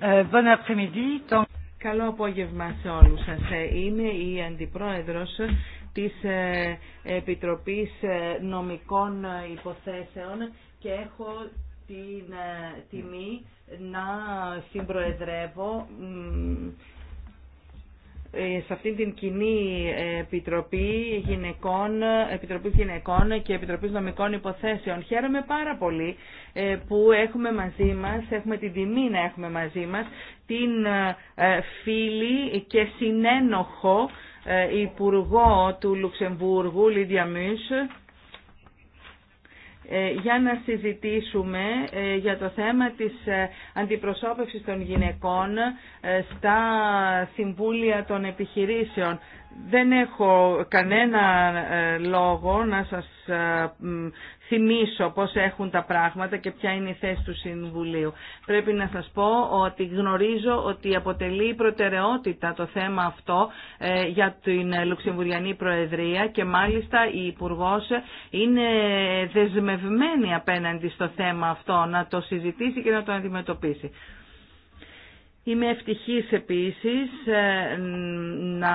Ε, Καλό απόγευμα σε όλους σας. Ε, είμαι η Αντιπρόεδρος της ε, Επιτροπής Νομικών Υποθέσεων και έχω την τιμή να συμπροεδρεύω ε, σε αυτήν την κοινή επιτροπή γυναικών, γυναικών και επιτροπής νομικών υποθέσεων. Χαίρομαι πάρα πολύ ε, που έχουμε μαζί μας, έχουμε την τιμή να έχουμε μαζί μας την ε, φίλη και συνένοχο υπουργό του Λουξεμβούργου Λίδια Μίσ, ε, για να συζητήσουμε ε, για το θέμα της ε, αντιπροσώπευσης των γυναικών στα συμβούλια των επιχειρήσεων. Δεν έχω κανένα ε, λόγο να σας ε, θυμίσω πώς έχουν τα πράγματα και ποια είναι η θέση του Συμβουλίου. Πρέπει να σας πω ότι γνωρίζω ότι αποτελεί προτεραιότητα το θέμα αυτό ε, για την Λουξεμβουριανή Προεδρία και μάλιστα η Υπουργό είναι δεσμευμένη απέναντι στο θέμα αυτό να το συζητήσει και να το αντιμετωπίσει. Είμαι ευτυχής επίσης ε, να,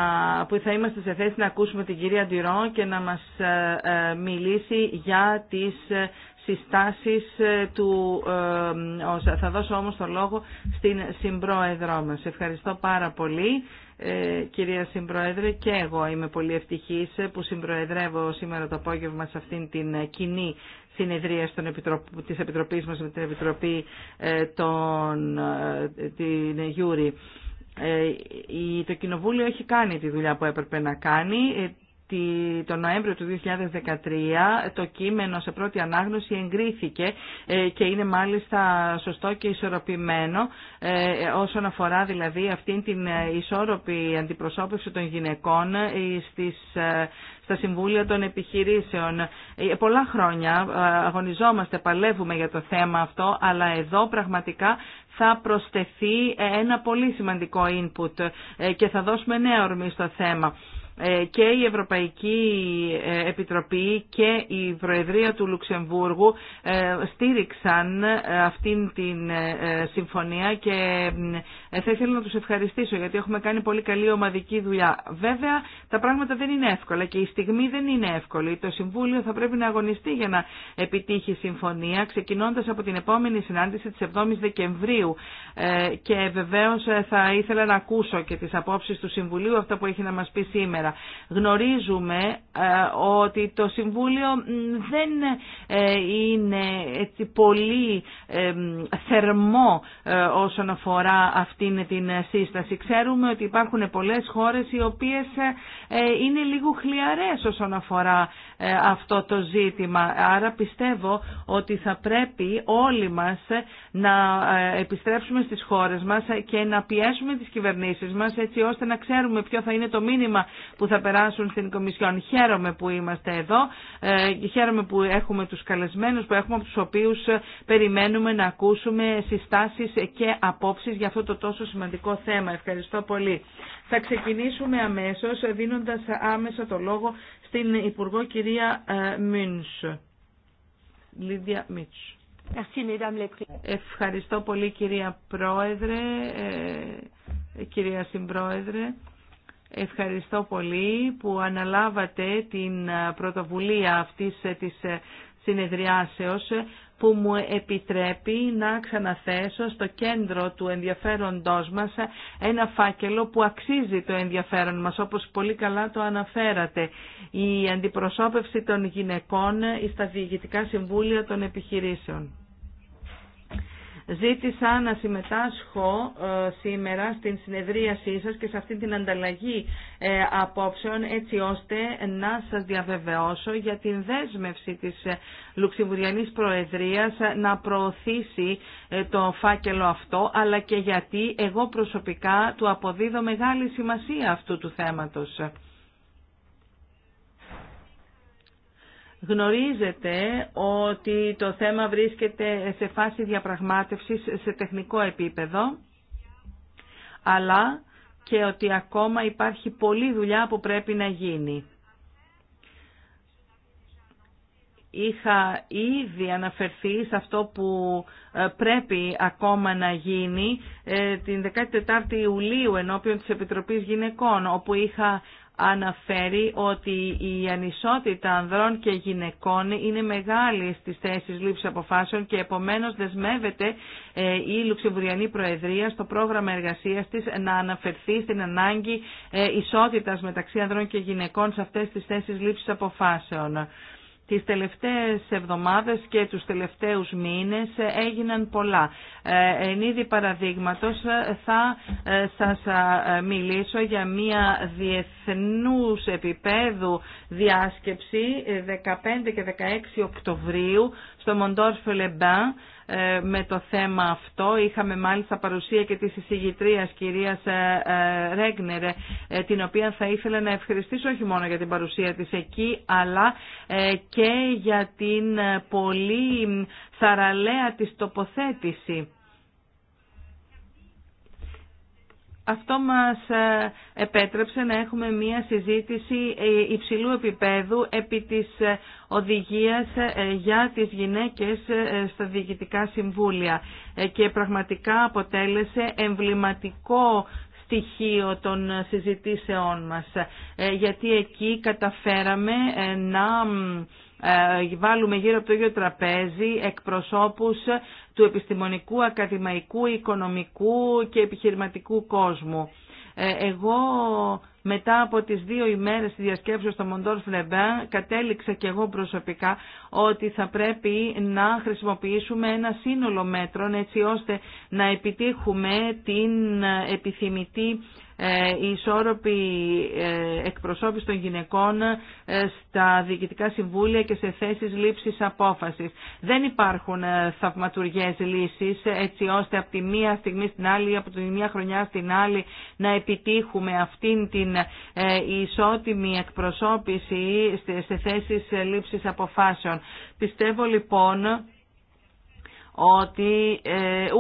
που θα είμαστε σε θέση να ακούσουμε την κυρία Ντυρό και να μας ε, ε, μιλήσει για τις συστάσεις ε, του ε, Θα δώσω όμως το λόγο στην συμπρόεδρό μας. Ευχαριστώ πάρα πολύ ε, κυρία Συμπρόεδρε και εγώ είμαι πολύ ευτυχής που συμπροεδρεύω σήμερα το απόγευμα σε αυτήν την κοινή συνεδρία στον Επιτροπ... της Επιτροπής μας με την Επιτροπή των... την Γιούρη. Το Κοινοβούλιο έχει κάνει τη δουλειά που έπρεπε να κάνει το Νοέμβριο του 2013 το κείμενο σε πρώτη ανάγνωση εγκρίθηκε ε, και είναι μάλιστα σωστό και ισορροπημένο ε, όσον αφορά δηλαδή αυτήν την ισόρροπη αντιπροσώπευση των γυναικών ε, στις, στα Συμβούλια των Επιχειρήσεων. Πολλά χρόνια αγωνιζόμαστε, παλεύουμε για το θέμα αυτό, αλλά εδώ πραγματικά θα προσθεθεί ένα πολύ σημαντικό input και θα δώσουμε νέα ορμή στο θέμα. Ε, και η Ευρωπαϊκή ε, Επιτροπή και η Προεδρία του Λουξεμβούργου ε, στήριξαν αυτήν την συμφωνία και θα ήθελα να τους ευχαριστήσω γιατί έχουμε κάνει πολύ καλή ομαδική δουλειά. Βέβαια τα πράγματα δεν είναι εύκολα και η στιγμή δεν είναι εύκολη. Το Συμβούλιο θα πρέπει να αγωνιστεί για να επιτύχει συμφωνία ξεκινώντας από την επόμενη συνάντηση της 7ης Δεκεμβρίου και βεβαίως θα ήθελα να ακούσω και τις απόψεις του Συμβουλίου αυτά που έχει να μας πει σήμερα. Γνωρίζουμε ε, ότι το Συμβούλιο δεν ε, είναι έτσι πολύ ε, θερμό όσον αφορά αυτήν την σύσταση. Ξέρουμε ότι υπάρχουν πολλές χώρες οι οποίες είναι λίγο χλιαρές όσον αφορά ε, αυτό το ζήτημα. Άρα πιστεύω ότι θα πρέπει όλοι μας να ε, επιστρέψουμε στις χώρες μας και να πιέσουμε τις κυβερνήσεις μας έτσι ώστε να ξέρουμε ποιο θα είναι το μήνυμα που θα περάσουν στην Κομισιόν. Χαίρομαι που είμαστε εδώ, ε, χαίρομαι που έχουμε τους καλεσμένους που έχουμε από τους οποίους περιμένουμε να ακούσουμε συστάσεις και απόψεις για αυτό το τόσο σημαντικό θέμα. Ευχαριστώ πολύ. Θα ξεκινήσουμε αμέσως δίνοντας άμεσα το λόγο στην Υπουργό κυρία ε, Μίντς. Λίδια Μίντς. Ευχαριστώ πολύ κυρία Πρόεδρε, ε, κυρία Συμπρόεδρε. Ευχαριστώ πολύ που αναλάβατε την πρωτοβουλία αυτής της συνεδριάσεως που μου επιτρέπει να ξαναθέσω στο κέντρο του ενδιαφέροντός μας ένα φάκελο που αξίζει το ενδιαφέρον μας, όπως πολύ καλά το αναφέρατε. Η αντιπροσώπευση των γυναικών στα διηγητικά συμβούλια των επιχειρήσεων. Ζήτησα να συμμετάσχω ε, σήμερα στην συνεδρίασή σας και σε αυτή την ανταλλαγή ε, απόψεων έτσι ώστε να σας διαβεβαιώσω για την δέσμευση της ε, Λουξιβουριανής Προεδρίας να προωθήσει το φάκελο αυτό αλλά και γιατί εγώ προσωπικά του αποδίδω μεγάλη σημασία αυτού του θέματος. Γνωρίζετε ότι το θέμα βρίσκεται σε φάση διαπραγμάτευσης σε τεχνικό επίπεδο, αλλά και ότι ακόμα υπάρχει πολλή δουλειά που πρέπει να γίνει. Είχα ήδη αναφερθεί σε αυτό που ε, πρέπει ακόμα να γίνει ε, την 14η Ιουλίου ενώπιον της Επιτροπής Γυναικών, όπου είχα αναφέρει ότι η ανισότητα ανδρών και γυναικών είναι μεγάλη στις θέσεις λήψης αποφάσεων και επομένως δεσμεύεται ε, η Λουξεμβουριανή Προεδρία στο πρόγραμμα εργασίας της να αναφερθεί στην ανάγκη ε, ισότητας μεταξύ ανδρών και γυναικών σε αυτές τις θέσεις λήψης αποφάσεων. Τις τελευταίες εβδομάδες και τους τελευταίους μήνες έγιναν πολλά. Ε, εν είδη παραδείγματος θα ε, σας ε, μιλήσω για μια διεθνούς επίπεδου διάσκεψη 15 και 16 Οκτωβρίου στο Μοντόρφ Λεμπάν με το θέμα αυτό. Είχαμε μάλιστα παρουσία και της εισηγητρίας κυρίας ε, ε, Ρέγνερ, ε, την οποία θα ήθελα να ευχαριστήσω όχι μόνο για την παρουσία της εκεί, αλλά και για την πολύ θαραλέα της τοποθέτηση. Αυτό μας ε, επέτρεψε να έχουμε μία συζήτηση ε, υψηλού επίπεδου επί της ε, οδηγίας για τις γυναίκες στα διοικητικά συμβούλια και πραγματικά αποτέλεσε εμβληματικό στοιχείο των συζητήσεών μας γιατί εκεί καταφέραμε να ε, βάλουμε γύρω από το ίδιο τραπέζι εκπροσώπους του επιστημονικού, ακαδημαϊκού, οικονομικού και επιχειρηματικού κόσμου. Ε, εγώ μετά από τις δύο ημέρες τη διασκέψεως στο Μοντόρ Φλεμπέν κατέληξα και εγώ προσωπικά ότι θα πρέπει να χρησιμοποιήσουμε ένα σύνολο μέτρων έτσι ώστε να επιτύχουμε την επιθυμητή ε, η ισόρροπη ε, εκπροσώπηση των γυναικών ε, στα διοικητικά συμβούλια και σε θέσεις λήψης απόφασης. Δεν υπάρχουν θαυματουργές λύσεις έτσι ώστε από τη μία στιγμή στην άλλη, ή από τη μία χρονιά στην άλλη να επιτύχουμε αυτήν την ισότιμη εκπροσώπηση σε θέσεις λήψης αποφάσεων. Πιστεύω λοιπόν ότι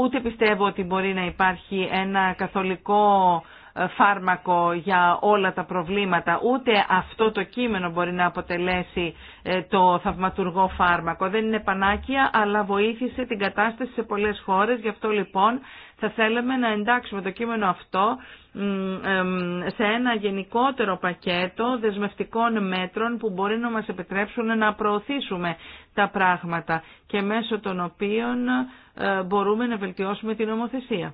ούτε πιστεύω ότι μπορεί να υπάρχει ένα καθολικό ε, φάρμακο για όλα τα προβλήματα. Ούτε αυτό το κείμενο μπορεί να αποτελέσει ε, το θαυματουργό φάρμακο. Δεν είναι πανάκια, αλλά βοήθησε την κατάσταση σε πολλές χώρες. Γι' αυτό λοιπόν θα θέλαμε να εντάξουμε το κείμενο αυτό σε ένα γενικότερο πακέτο δεσμευτικών μέτρων που μπορεί να μας επιτρέψουν να προωθήσουμε τα πράγματα και μέσω των οποίων ε, μπορούμε να βελτιώσουμε την νομοθεσία.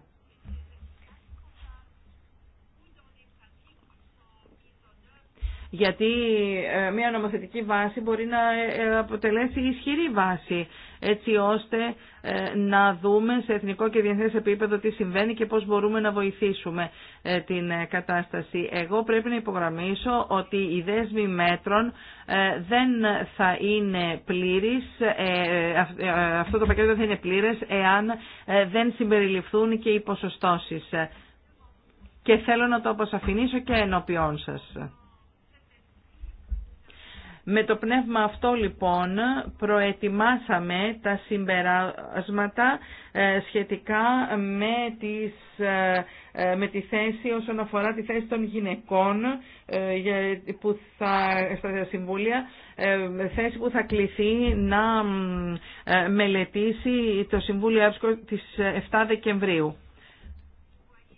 γιατί ε, μια νομοθετική βάση μπορεί να ε, ε, αποτελέσει ισχυρή βάση έτσι ώστε να δούμε σε εθνικό και διεθνές επίπεδο τι συμβαίνει και πώς μπορούμε να βοηθήσουμε την κατάσταση. Εγώ πρέπει να υπογραμμίσω ότι οι δέσμοι μέτρων δεν θα είναι πλήρης, αυτό το πακέτο δεν θα είναι πλήρες εάν δεν συμπεριληφθούν και οι ποσοστώσεις. Και θέλω να το αποσαφηνίσω και ενώπιόν σας. Με το πνεύμα αυτό λοιπόν προετοιμάσαμε τα συμπεράσματα ε, σχετικά με, τις, ε, ε, με τη θέση όσον αφορά τη θέση των γυναικών που θα, στα συμβούλια, θέση που θα κληθεί να μελετήσει το Συμβούλιο Εύσκο της 7 Δεκεμβρίου.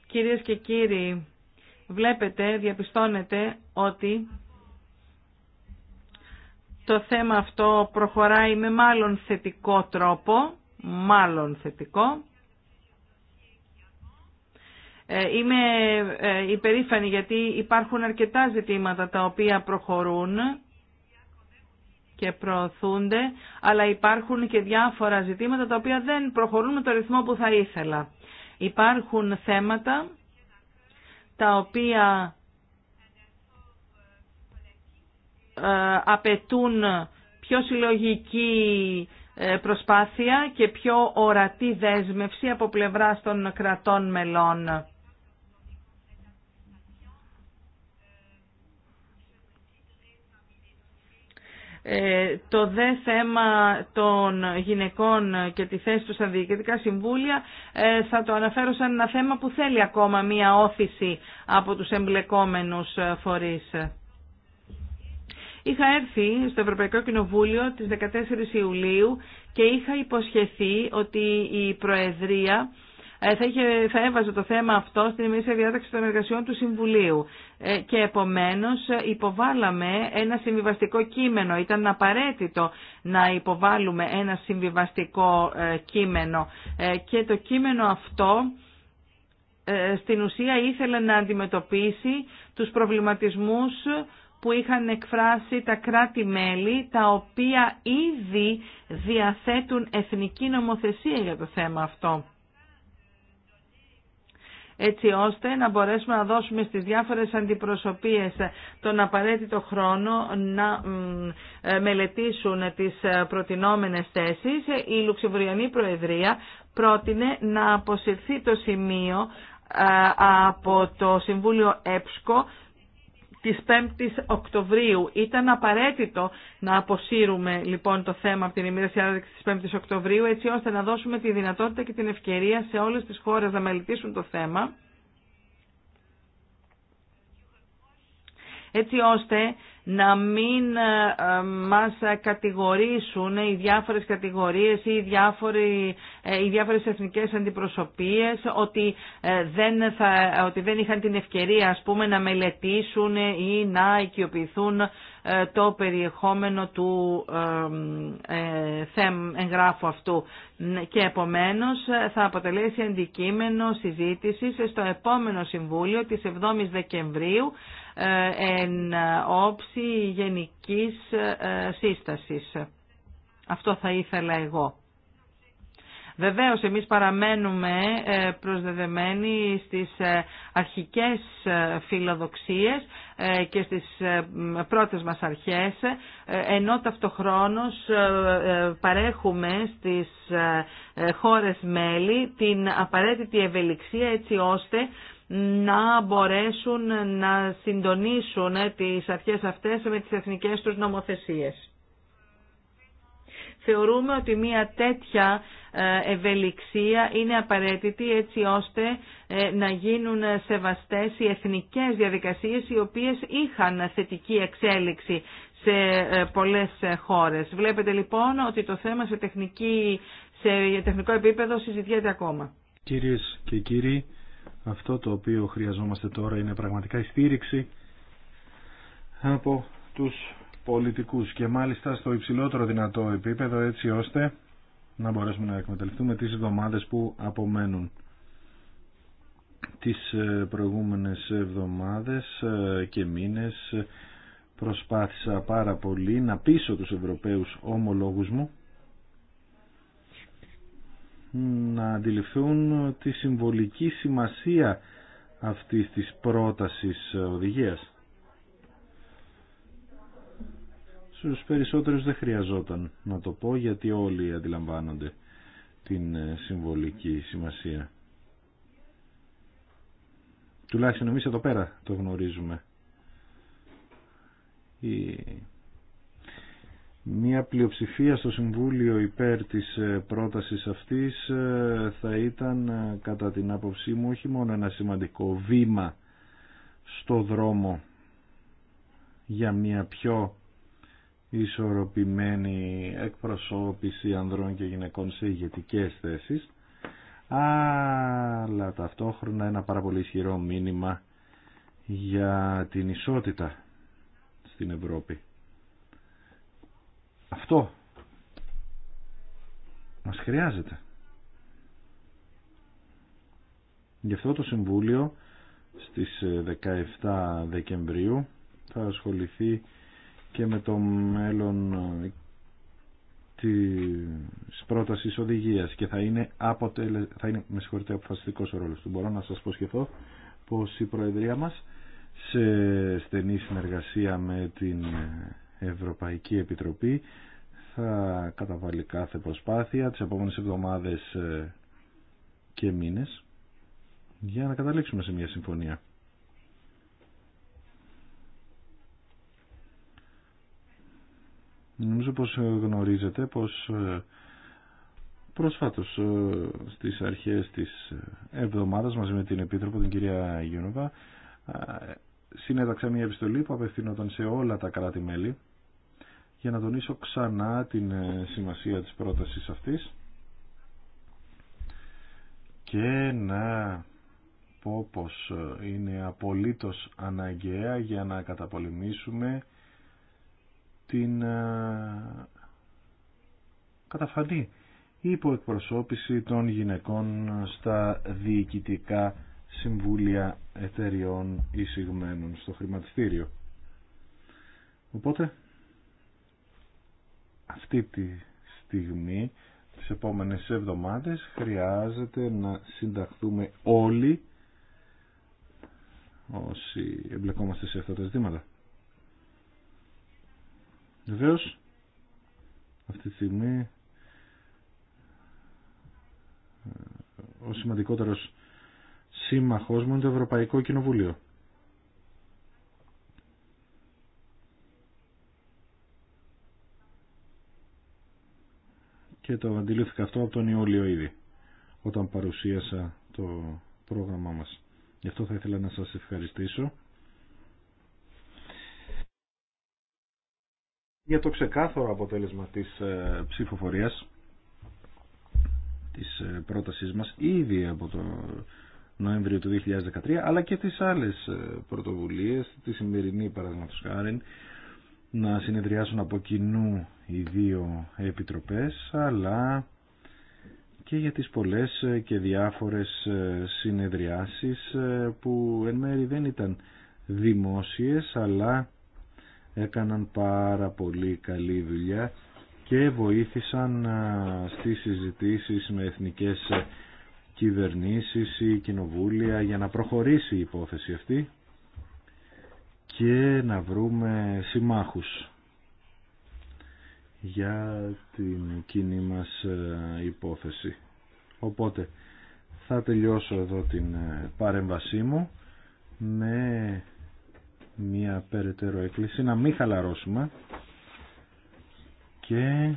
Κυρίες και κύριοι, βλέπετε, διαπιστώνετε ότι το θέμα αυτό προχωράει με μάλλον θετικό τρόπο, μάλλον θετικό. Ε, είμαι ε, υπερήφανη γιατί υπάρχουν αρκετά ζητήματα τα οποία προχωρούν και προωθούνται, αλλά υπάρχουν και διάφορα ζητήματα τα οποία δεν προχωρούν με το ρυθμό που θα ήθελα. Υπάρχουν θέματα τα οποία Ε, απαιτούν πιο συλλογική ε, προσπάθεια και πιο ορατή δέσμευση από πλευρά των κρατών μελών. Ε, το δε θέμα των γυναικών και τη θέση τους στα διοικητικά συμβούλια θα το αναφέρω σαν ένα θέμα που θέλει ακόμα μία όθηση από τους εμπλεκόμενους φορείς. Είχα έρθει στο Ευρωπαϊκό Κοινοβούλιο τις 14 Ιουλίου και είχα υποσχεθεί ότι η Προεδρία ε, θα, είχε, έβαζε το θέμα αυτό στην ημερήσια διάταξη των εργασιών του Συμβουλίου. Ε, και επομένως ε, υποβάλαμε ένα συμβιβαστικό κείμενο. Ήταν απαραίτητο να υποβάλουμε ένα συμβιβαστικό κείμενο. και το κείμενο αυτό στην ουσία ήθελε να αντιμετωπίσει τους προβληματισμούς που είχαν εκφράσει τα κράτη-μέλη, τα οποία ήδη διαθέτουν εθνική νομοθεσία για το θέμα αυτό. Έτσι ώστε να μπορέσουμε να δώσουμε στις διάφορες αντιπροσωπείες τον απαραίτητο χρόνο να ε, μελετήσουν τις ε, προτινόμενες θέσεις. Η Λουξεμβουριανή Προεδρία πρότεινε να αποσυρθεί το σημείο ε, από το Συμβούλιο ΕΠΣΚΟ της 5ης Οκτωβρίου. Ήταν απαραίτητο να αποσύρουμε λοιπόν το θέμα από την ημερήσια της 5ης Οκτωβρίου έτσι ώστε να δώσουμε τη δυνατότητα και την ευκαιρία σε όλες τις χώρες να μελετήσουν το θέμα έτσι ώστε να μην ε, μας κατηγορήσουν οι διάφορες κατηγορίες ή οι, ε, οι διάφορες εθνικές αντιπροσωπείες ότι ε, δεν, θα, ότι δεν είχαν την ευκαιρία ας πούμε να μελετήσουν ή να οικειοποιηθούν το περιεχόμενο του θέμ, εγγράφου αυτού και επομένως θα αποτελέσει αντικείμενο συζήτησης στο επόμενο Συμβούλιο της 7ης Δεκεμβρίου ε, εν όψη γενικής ε, σύστασης. Αυτό θα ήθελα εγώ. Βεβαίως εμείς παραμένουμε ε, προσδεδεμένοι στις αρχικές φιλοδοξίες και στις πρώτες μας αρχές, ενώ ταυτοχρόνως παρέχουμε στις χώρες μέλη την απαραίτητη ευελιξία έτσι ώστε να μπορέσουν να συντονίσουν τις αρχές αυτές με τις εθνικές τους νομοθεσίες. Θεωρούμε ότι μια τέτοια ε, ευελιξία είναι απαραίτητη έτσι ώστε ε, να γίνουν σεβαστές οι εθνικές διαδικασίες οι οποίες είχαν θετική εξέλιξη σε ε, πολλές χώρες. Βλέπετε λοιπόν ότι το θέμα σε, τεχνική, σε τεχνικό επίπεδο συζητιέται ακόμα. Κυρίες και κύριοι, αυτό το οποίο χρειαζόμαστε τώρα είναι πραγματικά η στήριξη από τους πολιτικούς και μάλιστα στο υψηλότερο δυνατό επίπεδο έτσι ώστε να μπορέσουμε να εκμεταλλευτούμε τις εβδομάδες που απομένουν. Τις ε, προηγούμενες εβδομάδες ε, και μήνες προσπάθησα πάρα πολύ να πείσω τους Ευρωπαίους ομολόγους μου να αντιληφθούν τη συμβολική σημασία αυτή της πρότασης οδηγίας. Στους περισσότερους δεν χρειαζόταν να το πω γιατί όλοι αντιλαμβάνονται την ε, συμβολική σημασία. Τουλάχιστον εμείς εδώ πέρα το γνωρίζουμε. Η Μία πλειοψηφία στο Συμβούλιο υπέρ της ε, πρότασης αυτής ε, θα ήταν ε, κατά την άποψή μου όχι μόνο ένα σημαντικό βήμα στο δρόμο για μια πιο ισορροπημένη εκπροσώπηση ανδρών και γυναικών σε ηγετικές θέσεις αλλά ταυτόχρονα ένα πάρα πολύ ισχυρό μήνυμα για την ισότητα στην Ευρώπη. Αυτό μας χρειάζεται. Γι' αυτό το Συμβούλιο στις 17 ε, Δεκεμβρίου θα ασχοληθεί και με το μέλλον ε, της πρότασης οδηγίας και θα είναι, αποτελε... θα είναι με συγχωρείτε αποφασιστικός ο ρόλος του. Μπορώ να σας προσχεθώ πως η Προεδρία μας σε στενή συνεργασία με την ε, Ευρωπαϊκή Επιτροπή θα καταβάλει κάθε προσπάθεια τις επόμενες εβδομάδες ε, και μήνες για να καταλήξουμε σε μια συμφωνία. Νομίζω πως γνωρίζετε πως ε, πρόσφατος ε, στις αρχές της εβδομάδας μαζί με την Επίτροπο την κυρία Γιούνοβα συνέταξα μια επιστολή που απευθυνόταν σε όλα τα κράτη-μέλη για να τονίσω ξανά την ε, σημασία της πρότασης αυτής και να πω πως ε, είναι απολύτως αναγκαία για να καταπολεμήσουμε την ε, καταφανή υποεκπροσώπηση των γυναικών στα διοικητικά συμβούλια εταιριών εισηγμένων στο χρηματιστήριο. Οπότε αυτή τη στιγμή, τις επόμενες εβδομάδες, χρειάζεται να συνταχθούμε όλοι όσοι εμπλεκόμαστε σε αυτά τα ζητήματα. Βεβαίω, αυτή τη στιγμή ε, ο σημαντικότερος σύμμαχός μου είναι το Ευρωπαϊκό Κοινοβούλιο. και το αντιλήφθηκα αυτό από τον Ιούλιο ήδη όταν παρουσίασα το πρόγραμμά μας. Γι' αυτό θα ήθελα να σας ευχαριστήσω. Για το ξεκάθαρο αποτέλεσμα της ε, ψηφοφορίας της ε, πρότασής μας ήδη από το Νοέμβριο του 2013 αλλά και τις άλλες ε, πρωτοβουλίες τη σημερινή παραδείγματος χάρη να συνεδριάσουν από κοινού οι δύο επιτροπές αλλά και για τις πολλές και διάφορες συνεδριάσεις που εν μέρει δεν ήταν δημόσιες αλλά έκαναν πάρα πολύ καλή δουλειά και βοήθησαν στις συζητήσεις με εθνικές κυβερνήσεις ή κοινοβούλια για να προχωρήσει η υπόθεση αυτή και να βρούμε συμμάχους για την κοινή μας ε, υπόθεση. Οπότε θα τελειώσω εδώ την ε, παρέμβασή μου με μια περαιτέρω έκκληση να μην χαλαρώσουμε και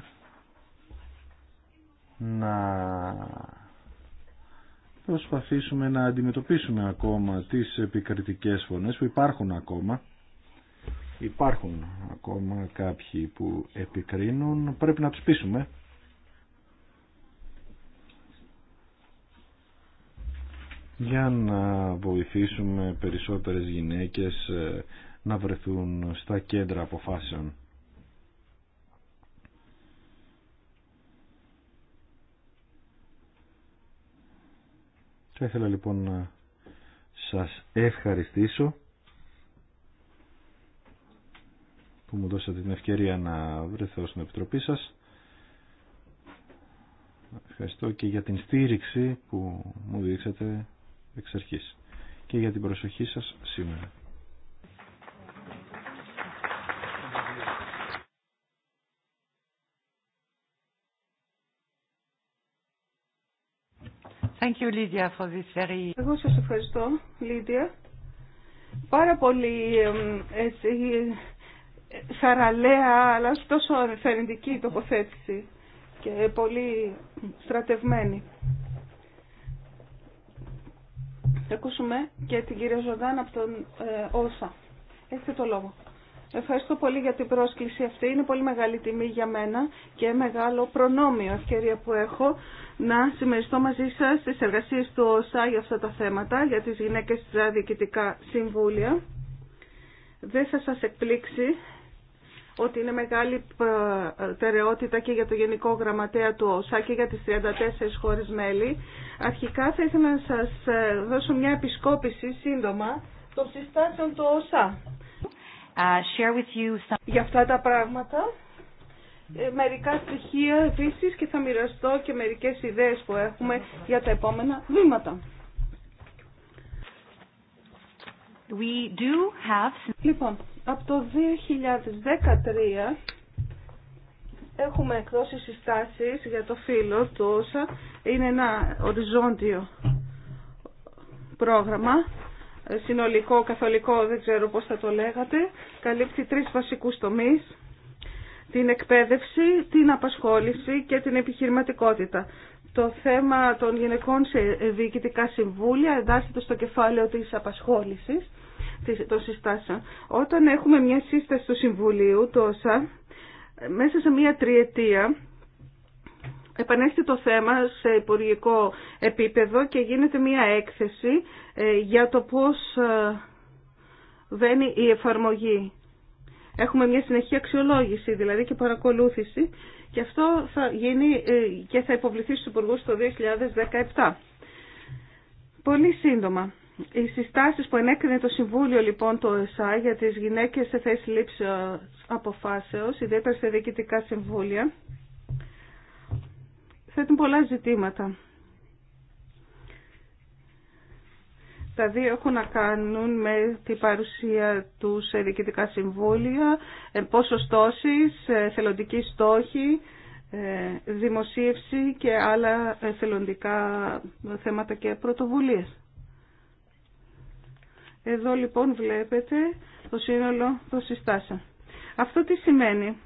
να προσπαθήσουμε να αντιμετωπίσουμε ακόμα τις επικριτικές φωνές που υπάρχουν ακόμα Υπάρχουν ακόμα κάποιοι που επικρίνουν, πρέπει να τους πείσουμε. για να βοηθήσουμε περισσότερες γυναίκες ε, να βρεθούν στα κέντρα αποφάσεων. Θα ήθελα λοιπόν να σας ευχαριστήσω που μου δώσατε την ευκαιρία να βρεθώ στην Επιτροπή σας. Ευχαριστώ και για την στήριξη που μου δείξατε εξ αρχής και για την προσοχή σας σήμερα. Thank you, Lydia, for this Εγώ σας ευχαριστώ, Λίδια. Πάρα πολύ ευχαριστώ σαραλέα, αλλά τόσο ενθαρρυντική τοποθέτηση και πολύ στρατευμένη. Θα και την κυρία Ζωντάν από τον ε, Όσα. Έχετε το λόγο. Ευχαριστώ πολύ για την πρόσκληση αυτή. Είναι πολύ μεγάλη τιμή για μένα και μεγάλο προνόμιο ευκαιρία που έχω να συμμεριστώ μαζί σας στις εργασίες του ΩΣΑ για αυτά τα θέματα, για τις γυναίκες στα διοικητικά συμβούλια. Δεν θα σας εκπλήξει ότι είναι μεγάλη προτεραιότητα και για το Γενικό Γραμματέα του ΩΣΑ και για τις 34 χώρες μέλη. Αρχικά θα ήθελα να σας ε, δώσω μια επισκόπηση σύντομα των συστάσεων του ΩΣΑ. some... Για αυτά τα πράγματα, ε, μερικά στοιχεία επίση και θα μοιραστώ και μερικές ιδέες που έχουμε για τα επόμενα βήματα. We do have... Λοιπόν, από το 2013 έχουμε εκδώσει συστάσεις για το φύλλο του όσα είναι ένα οριζόντιο πρόγραμμα συνολικό, καθολικό, δεν ξέρω πώς θα το λέγατε καλύπτει τρεις βασικούς τομείς την εκπαίδευση, την απασχόληση και την επιχειρηματικότητα. Το θέμα των γυναικών σε διοικητικά συμβούλια εντάσσεται στο κεφάλαιο της απασχόλησης των συστάσεων. Όταν έχουμε μια σύσταση του Συμβουλίου, τόσα μέσα σε μια τριετία επανέρχεται το θέμα σε υπουργικό επίπεδο και γίνεται μια έκθεση ε, για το πώς ε, βαίνει η εφαρμογή. Έχουμε μια συνεχή αξιολόγηση δηλαδή και παρακολούθηση και αυτό θα γίνει ε, και θα υποβληθεί στους υπουργούς το 2017. Πολύ σύντομα. Οι συστάσεις που ενέκρινε το Συμβούλιο λοιπόν το ΕΣΑ για τις γυναίκες σε θέση λήψης ε, αποφάσεως, ιδιαίτερα σε διοικητικά συμβούλια, θέτουν πολλά ζητήματα. Τα δύο έχουν να κάνουν με την παρουσία του σε διοικητικά συμβούλια, ε, ποσοστώσεις, ε, θελοντικοί στόχοι, δημοσίευση και άλλα θελοντικά θέματα και πρωτοβουλίες. Εδώ λοιπόν βλέπετε το σύνολο των συστάσεων. Αυτό τι σημαίνει.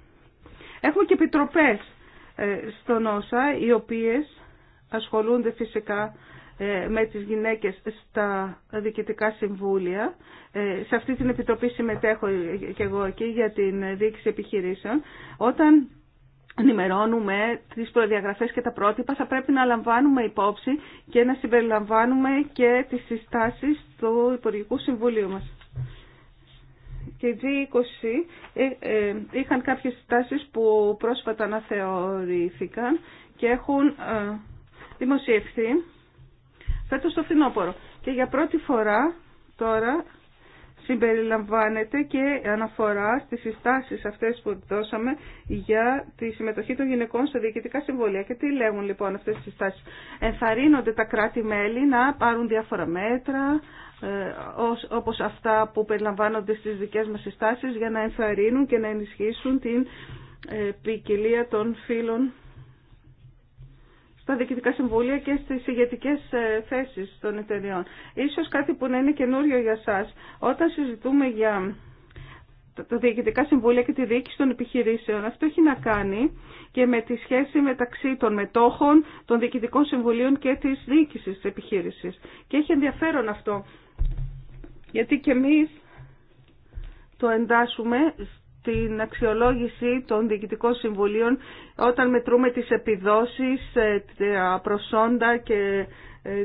Έχουμε και επιτροπές ε, στον ΩΣΑ οι οποίες ασχολούνται φυσικά ε, με τις γυναίκες στα διοικητικά συμβούλια. Ε, σε αυτή την επιτροπή συμμετέχω και εγώ εκεί για την διοίκηση επιχειρήσεων. Όταν ενημερώνουμε τις προδιαγραφές και τα πρότυπα, θα πρέπει να λαμβάνουμε υπόψη και να συμπεριλαμβάνουμε και τις συστάσεις του Υπουργικού Συμβουλίου μας. Και G20 ε, ε, είχαν κάποιες συστάσεις που πρόσφατα αναθεωρήθηκαν και έχουν ε, δημοσιευθεί φέτος το φθινόπωρο. Και για πρώτη φορά τώρα συμπεριλαμβάνεται και αναφορά στις συστάσεις αυτές που δώσαμε για τη συμμετοχή των γυναικών στα διοικητικά συμβολία. Και τι λέγουν λοιπόν αυτές τις συστάσεις. Ενθαρρύνονται τα κράτη-μέλη να πάρουν διάφορα μέτρα, ε, όπως αυτά που περιλαμβάνονται στις δικές μας συστάσεις, για να ενθαρρύνουν και να ενισχύσουν την ε, ποικιλία των φύλων στα διοικητικά συμβούλια και στις ηγετικέ ε, θέσεις των εταιριών. Ίσως κάτι που να είναι καινούριο για σας. Όταν συζητούμε για τα διοικητικά συμβούλια και τη διοίκηση των επιχειρήσεων. Αυτό έχει να κάνει και με τη σχέση μεταξύ των μετόχων, των διοικητικών συμβουλίων και της διοίκησης τη επιχείρηση. Και έχει ενδιαφέρον αυτό, γιατί και εμεί το εντάσσουμε την αξιολόγηση των διοικητικών συμβουλίων όταν μετρούμε τις επιδόσεις, ε, τα προσόντα και ε,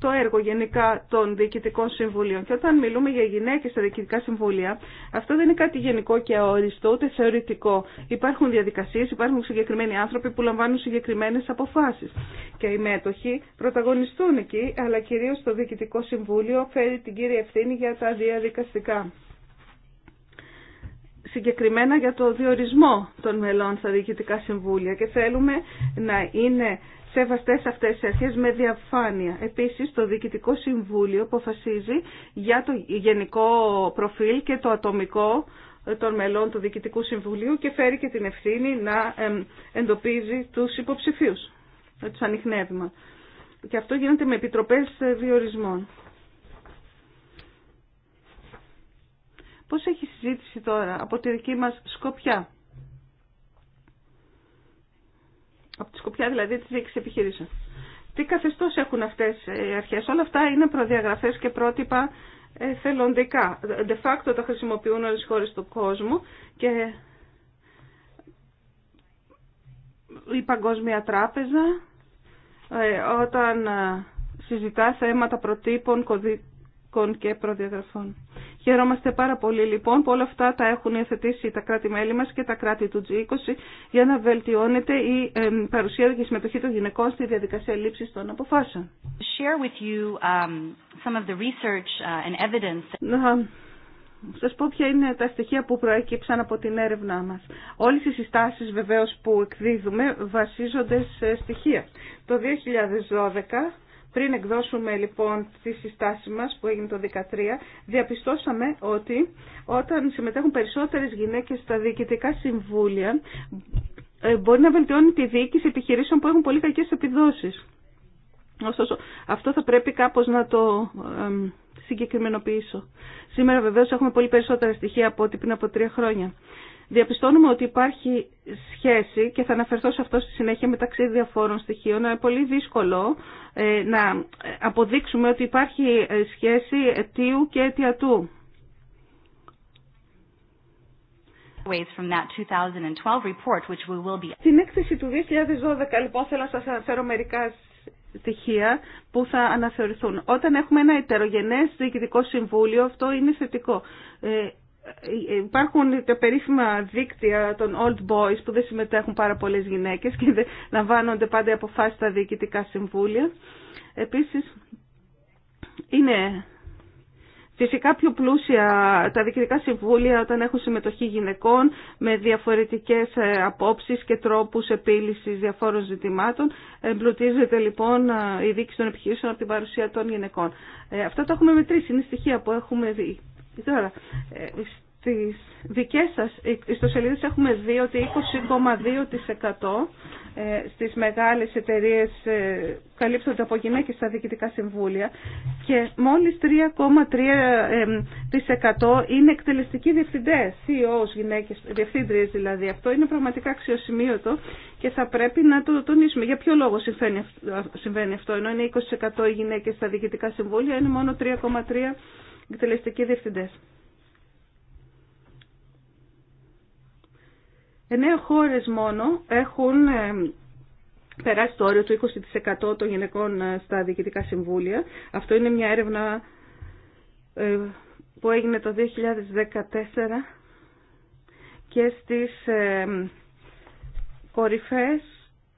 το έργο γενικά των διοικητικών συμβουλίων. Και όταν μιλούμε για γυναίκες στα διοικητικά συμβούλια, αυτό δεν είναι κάτι γενικό και αόριστο, ούτε θεωρητικό. Υπάρχουν διαδικασίες, υπάρχουν συγκεκριμένοι άνθρωποι που λαμβάνουν συγκεκριμένες αποφάσεις. Και οι μέτοχοι πρωταγωνιστούν εκεί, αλλά κυρίως το διοικητικό συμβούλιο φέρει την κύρια ευθύνη για τα διαδικαστικά συγκεκριμένα για το διορισμό των μελών στα διοικητικά συμβούλια και θέλουμε να είναι σεβαστές αυτές οι αρχές με διαφάνεια. Επίσης, το Διοικητικό Συμβούλιο αποφασίζει για το γενικό προφίλ και το ατομικό των μελών του Διοικητικού Συμβουλίου και φέρει και την ευθύνη να εντοπίζει τους υποψηφίους, να τους ανοιχνεύει. Και αυτό γίνεται με επιτροπές διορισμών. Πώς έχει συζήτηση τώρα από τη δική μας σκοπιά. Από τη σκοπιά δηλαδή της διοίκησης επιχειρήσεων. Τι καθεστώς έχουν αυτές ε, οι αρχές. Όλα αυτά είναι προδιαγραφές και πρότυπα ε, θελοντικά. De facto τα χρησιμοποιούν όλες οι χώρες του κόσμου και η Παγκόσμια Τράπεζα ε, όταν συζητά θέματα προτύπων, κωδικών και προδιαγραφών. Χαιρόμαστε πάρα πολύ λοιπόν που όλα αυτά τα έχουν υιοθετήσει τα κράτη-μέλη μας και τα κράτη του G20 για να βελτιώνεται η παρουσία και η συμμετοχή των γυναικών στη διαδικασία λήψης των αποφάσεων. Share with you, um, some of the research uh, and evidence. Να σας πω ποια είναι τα στοιχεία που προέκυψαν από την έρευνά μας. Όλες οι συστάσεις βεβαίω που εκδίδουμε βασίζονται σε στοιχεία. Το 2012 πριν εκδώσουμε λοιπόν τις συστάσεις μας που έγινε το 2013, διαπιστώσαμε ότι όταν συμμετέχουν περισσότερες γυναίκες στα διοικητικά συμβούλια, ε, μπορεί να βελτιώνει τη διοίκηση επιχειρήσεων που έχουν πολύ κακές επιδόσεις. Ωστόσο, αυτό θα πρέπει κάπως να το συγκεκριμενοποιήσω. Σήμερα βεβαίως έχουμε πολύ περισσότερα στοιχεία από ό,τι πριν από τρία χρόνια διαπιστώνουμε ότι υπάρχει σχέση και θα αναφερθώ σε αυτό στη συνέχεια μεταξύ διαφόρων στοιχείων. Είναι πολύ δύσκολο ε, να αποδείξουμε ότι υπάρχει ε, σχέση αιτίου και αιτιατού. Στην έκθεση του 2012 λοιπόν θέλω να σας αναφέρω μερικά στοιχεία που θα αναθεωρηθούν. Όταν έχουμε ένα ετερογενές διοικητικό συμβούλιο αυτό είναι θετικό. Ε, υπάρχουν τα περίφημα δίκτυα των old boys που δεν συμμετέχουν πάρα πολλές γυναίκες και δεν λαμβάνονται πάντα αποφάσεις στα διοικητικά συμβούλια. Επίσης, είναι Φυσικά πιο πλούσια τα διοικητικά συμβούλια όταν έχουν συμμετοχή γυναικών με διαφορετικές ε, απόψεις και τρόπους επίλυσης διαφόρων ζητημάτων. Εμπλουτίζεται λοιπόν ε, η δίκη των επιχειρήσεων από την παρουσία των γυναικών. Ε, αυτά τα έχουμε μετρήσει, είναι στοιχεία που έχουμε δει. Τώρα, ε, στις δικές σας ιστοσελίδες έχουμε δει ότι 20,2% ε, στις μεγάλες εταιρείες ε, καλύπτονται από γυναίκες στα διοικητικά συμβούλια και μόλις 3,3% είναι εκτελεστικοί διευθυντές, CEOs, γυναίκες, διευθύντριες δηλαδή. Αυτό είναι πραγματικά αξιοσημείωτο και θα πρέπει να το τονίσουμε. Για ποιο λόγο συμβαίνει αυτό, ενώ είναι 20% οι γυναίκες στα διοικητικά συμβούλια, είναι μόνο 3,3% εκτελεστικοί διευθυντέ. Εννέα χώρες μόνο έχουν ε, περάσει το όριο του 20% των γυναικών ε, στα διοικητικά συμβούλια. Αυτό είναι μια έρευνα ε, που έγινε το 2014 και στις ε, κορυφές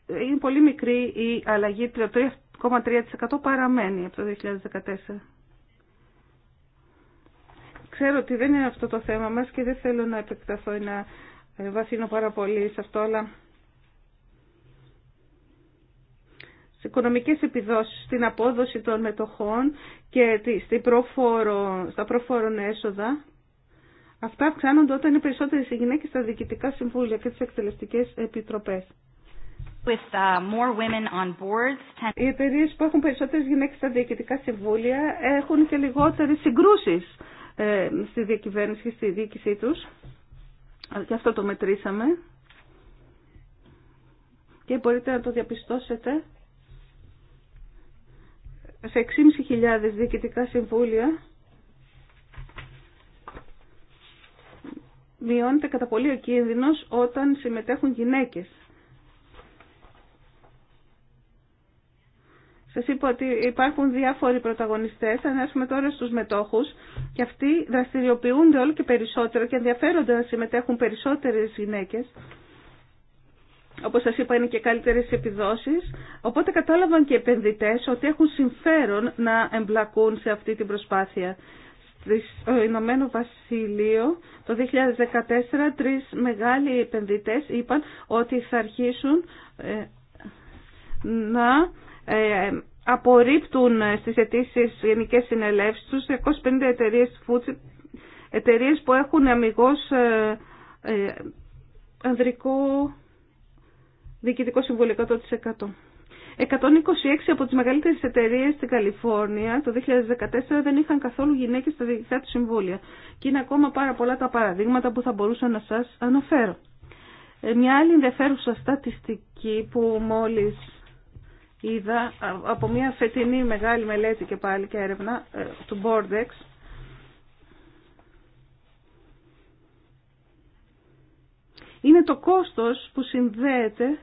είναι πολύ μικρή η αλλαγή, το 3,3% παραμένει από το 2014. Ξέρω ότι δεν είναι αυτό το θέμα μας και δεν θέλω να επεκταθώ ή να ε, βαθύνω πάρα πολύ σε αυτό, αλλά στις οικονομικές επιδόσεις, στην απόδοση των μετοχών και προφόρο, στα προφόρων έσοδα, αυτά αυξάνονται όταν είναι περισσότερες οι γυναίκες στα διοικητικά συμβούλια και τις εκτελεστικές επιτροπές. With uh, more women on boards, ten... Οι εταιρείε που έχουν περισσότερε γυναίκε στα διοικητικά συμβούλια έχουν και λιγότερε συγκρούσει. Ε, στη διακυβέρνηση και στη διοίκησή τους. Γι' αυτό το μετρήσαμε. Και μπορείτε να το διαπιστώσετε σε 6.500 διοικητικά συμβούλια μειώνεται κατά πολύ ο κίνδυνος όταν συμμετέχουν γυναίκες Σας είπα ότι υπάρχουν διάφοροι πρωταγωνιστές, αν τώρα στους μετόχους και αυτοί δραστηριοποιούνται όλο και περισσότερο και ενδιαφέρονται να συμμετέχουν περισσότερες γυναίκες. Όπως σας είπα είναι και καλύτερε επιδόσεις, οπότε κατάλαβαν και οι επενδυτές ότι έχουν συμφέρον να εμπλακούν σε αυτή την προσπάθεια. Στο Ηνωμένο Βασίλειο το 2014 τρεις μεγάλοι επενδυτές είπαν ότι θα αρχίσουν ε, να ε, απορρίπτουν στις αιτήσει γενικές συνελεύσεις τους 250 εταιρείες που έχουν αμυγός ε, ε, ανδρικό διοικητικό συμβούλιο 100%. 126 από τις μεγαλύτερες εταιρείες στην Καλιφόρνια το 2014 δεν είχαν καθόλου γυναίκες στα διοικητικά του συμβούλια. Και είναι ακόμα πάρα πολλά τα παραδείγματα που θα μπορούσα να σας αναφέρω. Ε, μια άλλη ενδιαφέρουσα στατιστική που μόλις είδα από μια φετινή μεγάλη μελέτη και πάλι και έρευνα ε, του Bordex είναι το κόστος που συνδέεται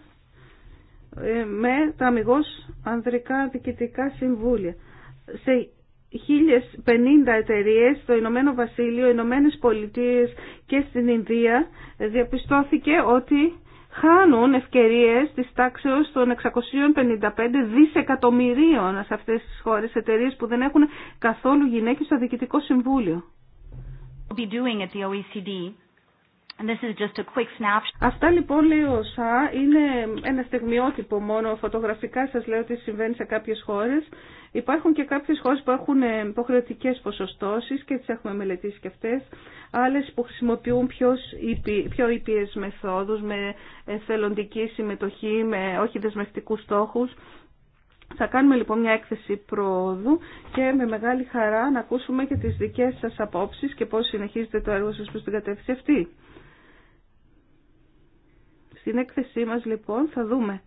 ε, με τα αμυγός ανδρικά διοικητικά συμβούλια. Σε 1050 εταιρείε στο Ηνωμένο Βασίλειο, Ηνωμένε Πολιτείε και στην Ινδία ε, διαπιστώθηκε ότι χάνουν ευκαιρίες της τάξεως των 655 δισεκατομμυρίων σε αυτές τις χώρες εταιρείε που δεν έχουν καθόλου γυναίκες στο Διοικητικό Συμβούλιο. This is just a quick snapshot. Αυτά λοιπόν λέει ο ΣΑ είναι ένα στεγμιότυπο μόνο φωτογραφικά σας λέω ότι συμβαίνει σε κάποιες χώρες. Υπάρχουν και κάποιες χώρες που έχουν ε, υποχρεωτικέ ποσοστώσεις και τις έχουμε μελετήσει και αυτές. Άλλες που χρησιμοποιούν πιο, ήπι, πιο ήπιες μεθόδους με θελοντική συμμετοχή, με όχι δεσμευτικούς στόχους. Θα κάνουμε λοιπόν μια έκθεση προόδου και με μεγάλη χαρά να ακούσουμε και τις δικές σας απόψεις και πώς συνεχίζετε το έργο σας προς την κατεύθυνση αυτή. Στην έκθεσή μας λοιπόν θα δούμε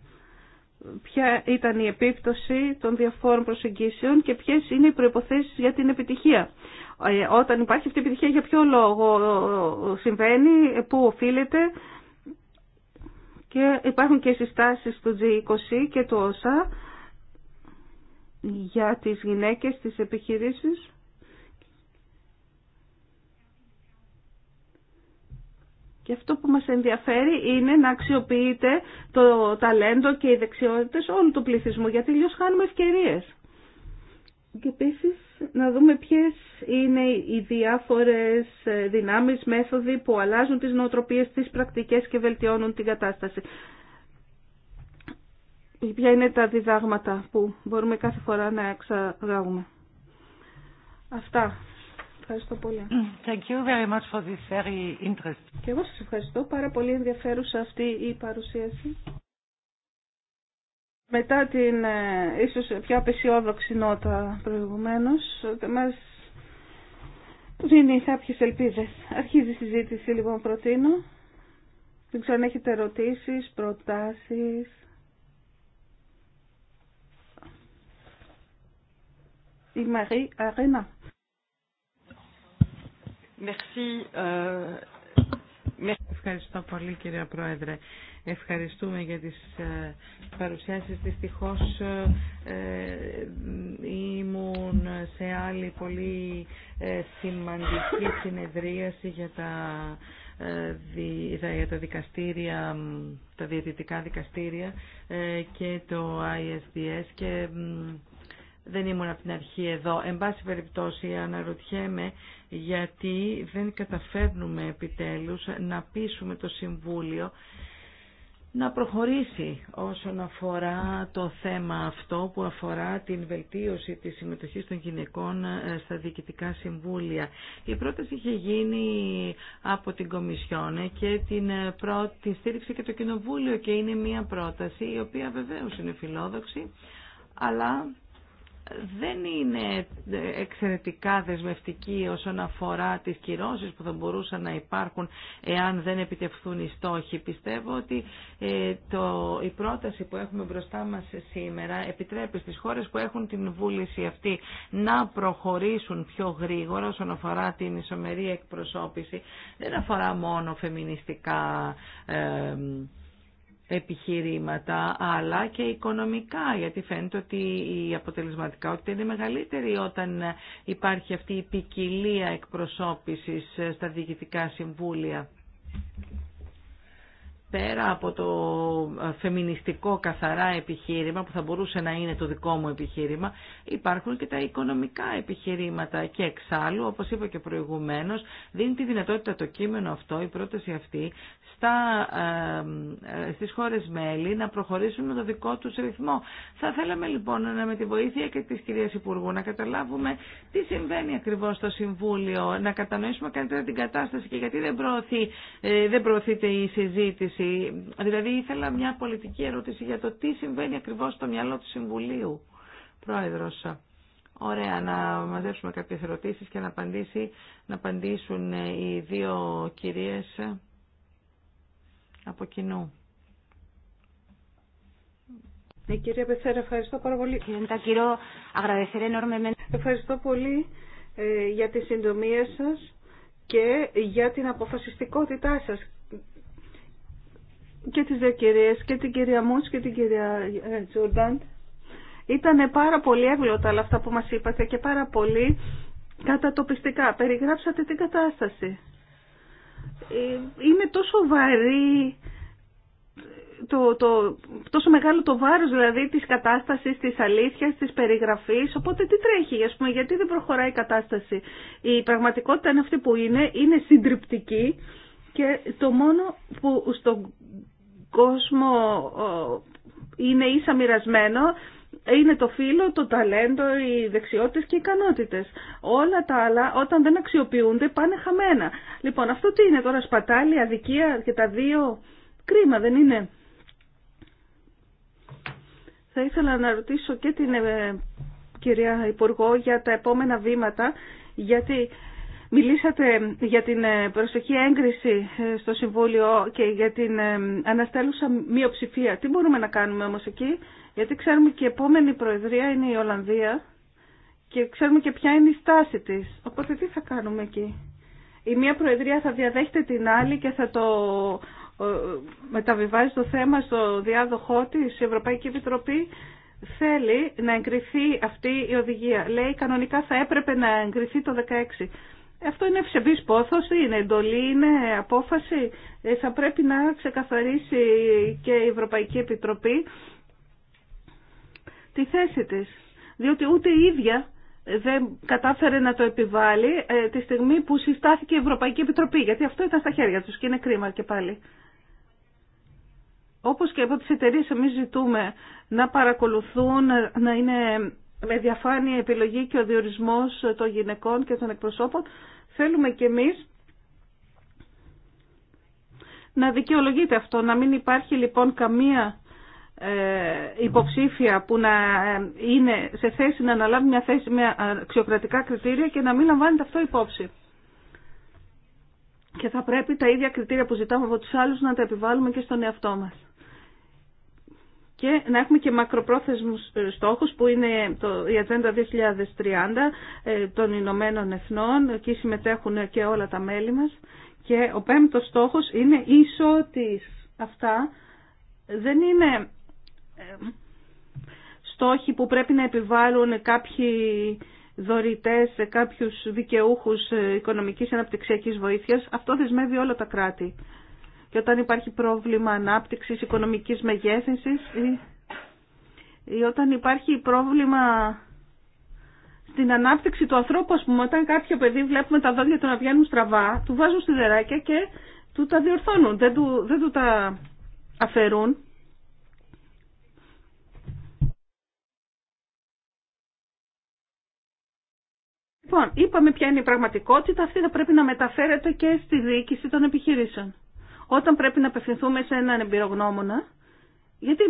ποια ήταν η επίπτωση των διαφόρων προσεγγίσεων και ποιες είναι οι προϋποθέσεις για την επιτυχία. Ε, όταν υπάρχει αυτή η επιτυχία για ποιο λόγο συμβαίνει, πού οφείλεται και υπάρχουν και συστάσεις του G20 και του ΩΣΑ για τις γυναίκες, τις επιχειρήσεις Και αυτό που μας ενδιαφέρει είναι να αξιοποιείται το ταλέντο και οι δεξιότητες όλου του πληθυσμού, γιατί αλλιώς χάνουμε ευκαιρίες. Και επίση να δούμε ποιες είναι οι διάφορες δυνάμεις, μέθοδοι που αλλάζουν τις νοοτροπίες, τις πρακτικές και βελτιώνουν την κατάσταση. Ποια είναι τα διδάγματα που μπορούμε κάθε φορά να εξαγάγουμε. Αυτά Ευχαριστώ πολύ. Mm, thank you very much for this very interest. Και εγώ σας ευχαριστώ. Πάρα πολύ ενδιαφέρουσα αυτή η παρουσίαση. Μετά την ε, ίσως πιο απεσιόδοξη νότα προηγουμένως, μας δίνει κάποιες ελπίδες. Αρχίζει η συζήτηση λοιπόν προτείνω. Δεν ξέρω αν έχετε ερωτήσεις, προτάσεις. Η Μαρή Αρένα. Euh, Ευχαριστώ πολύ κυρία Πρόεδρε. Ευχαριστούμε για τις ε, παρουσιάσεις. Δυστυχώς ε, ε, ήμουν σε άλλη πολύ σημαντική συνεδρίαση για τα για τα δικαστήρια, τα διαιτητικά δικαστήρια και το ISDS και δεν ήμουν από την αρχή εδώ. Εν πάση περιπτώσει αναρωτιέμαι γιατί δεν καταφέρνουμε επιτέλους να πείσουμε το Συμβούλιο να προχωρήσει όσον αφορά το θέμα αυτό που αφορά την βελτίωση της συμμετοχής των γυναικών ε, στα διοικητικά συμβούλια. Η πρόταση είχε γίνει από την Κομισιόν και την, ε, προ... στήριξε και το Κοινοβούλιο και είναι μια πρόταση η οποία βεβαίως είναι φιλόδοξη αλλά δεν είναι εξαιρετικά δεσμευτική όσον αφορά τις κυρώσεις που θα μπορούσαν να υπάρχουν εάν δεν επιτευχθούν οι στόχοι. Πιστεύω ότι ε, το, η πρόταση που έχουμε μπροστά μας σήμερα επιτρέπει στις χώρες που έχουν την βούληση αυτή να προχωρήσουν πιο γρήγορα όσον αφορά την ισομερή εκπροσώπηση. Δεν αφορά μόνο φεμινιστικά ε, επιχειρήματα αλλά και οικονομικά γιατί φαίνεται ότι η αποτελεσματικότητα είναι μεγαλύτερη όταν υπάρχει αυτή η ποικιλία εκπροσώπησης στα διοικητικά συμβούλια πέρα από το ε, φεμινιστικό καθαρά επιχείρημα που θα μπορούσε να είναι το δικό μου επιχείρημα υπάρχουν και τα οικονομικά επιχειρήματα και εξάλλου όπως είπα και προηγουμένως δίνει τη δυνατότητα το κείμενο αυτό, η πρόταση αυτή στα, ε, ε, στις χώρες μέλη να προχωρήσουν με το δικό τους ρυθμό. Θα θέλαμε λοιπόν να με τη βοήθεια και της κυρίας Υπουργού να καταλάβουμε τι συμβαίνει ακριβώς στο Συμβούλιο, να κατανοήσουμε καλύτερα την κατάσταση και γιατί δεν, προωθεί, ε, δεν προωθείται η συζήτηση δηλαδή ήθελα μια πολιτική ερώτηση για το τι συμβαίνει ακριβώς στο μυαλό του Συμβουλίου. Πρόεδρος, ωραία, να μαζέψουμε κάποιες ερωτήσεις και να, απαντήσει, να απαντήσουν οι δύο κυρίες από κοινού. Ναι, κύριε Πεθέρα, ευχαριστώ πάρα πολύ. Ευχαριστώ πολύ ε, για τη συντομία σας και για την αποφασιστικότητά σας και τις δύο και την κυρία Μούς και την κυρία ε, Τζούρνταν. Ήταν πάρα πολύ εύλογα όλα αυτά που μας είπατε και πάρα πολύ κατατοπιστικά. Περιγράψατε την κατάσταση. Ε, είναι τόσο βαρύ, το, το, τόσο μεγάλο το βάρος δηλαδή της κατάστασης, της αλήθειας, της περιγραφής, οπότε τι τρέχει, πούμε, γιατί δεν προχωράει η κατάσταση. Η πραγματικότητα είναι αυτή που είναι, είναι συντριπτική και το μόνο που στον κόσμο είναι ίσα μοιρασμένο είναι το φύλλο, το ταλέντο, οι δεξιότητες και οι ικανότητες. Όλα τα άλλα όταν δεν αξιοποιούνται πάνε χαμένα. Λοιπόν αυτό τι είναι τώρα σπατάλη, αδικία και τα δύο κρίμα δεν είναι. Θα ήθελα να ρωτήσω και την ε, κυρία Υπουργό για τα επόμενα βήματα γιατί Μιλήσατε για την ε, προσοχή έγκριση ε, στο Συμβούλιο και για την ε, αναστέλουσα μειοψηφία. Τι μπορούμε να κάνουμε όμως εκεί, γιατί ξέρουμε και η επόμενη Προεδρία είναι η Ολλανδία και ξέρουμε και ποια είναι η στάση της. Οπότε τι θα κάνουμε εκεί. Η μία Προεδρία θα διαδέχεται την άλλη και θα το μεταβιβάζει το θέμα στο διάδοχό της, η Ευρωπαϊκή Επιτροπή θέλει να εγκριθεί αυτή η οδηγία. Λέει κανονικά θα έπρεπε να εγκριθεί το 16. Αυτό είναι ευσεβής πόθος, είναι εντολή, είναι απόφαση. Ε, θα πρέπει να ξεκαθαρίσει και η Ευρωπαϊκή Επιτροπή τη θέση της. Διότι ούτε η ίδια δεν κατάφερε να το επιβάλλει ε, τη στιγμή που συστάθηκε η Ευρωπαϊκή Επιτροπή. Γιατί αυτό ήταν στα χέρια τους και είναι κρίμα και πάλι. Όπως και από τις εταιρείε εμείς ζητούμε να παρακολουθούν, να είναι με διαφάνεια επιλογή και ο διορισμός των γυναικών και των εκπροσώπων, θέλουμε κι εμείς να δικαιολογείται αυτό, να μην υπάρχει λοιπόν καμία ε, υποψήφια που να ε, είναι σε θέση να αναλάβει μια θέση με αξιοκρατικά κριτήρια και να μην λαμβάνεται αυτό υπόψη. Και θα πρέπει τα ίδια κριτήρια που ζητάμε από τους άλλους να τα επιβάλλουμε και στον εαυτό μας και να έχουμε και μακροπρόθεσμους ε, στόχους που είναι το, η Ατζέντα 2030 ε, των Ηνωμένων Εθνών. Εκεί συμμετέχουν και όλα τα μέλη μας. Και ο πέμπτος στόχος είναι ισότης. Αυτά δεν είναι ε, στόχοι που πρέπει να επιβάλλουν κάποιοι δωρητές κάποιους δικαιούχους οικονομικής αναπτυξιακής βοήθειας. Αυτό δεσμεύει όλα τα κράτη και όταν υπάρχει πρόβλημα ανάπτυξης οικονομικής μεγέθυνσης ή, όταν υπάρχει πρόβλημα στην ανάπτυξη του ανθρώπου, α πούμε, όταν κάποιο παιδί βλέπουμε τα δόντια του να βγαίνουν στραβά, του βάζουν σιδεράκια και του τα διορθώνουν, δεν του, δεν του τα αφαιρούν. Λοιπόν, είπαμε ποια είναι η πραγματικότητα, αυτή θα πρέπει να μεταφέρεται και στη διοίκηση των επιχειρήσεων όταν πρέπει να απευθυνθούμε σε έναν εμπειρογνώμονα, γιατί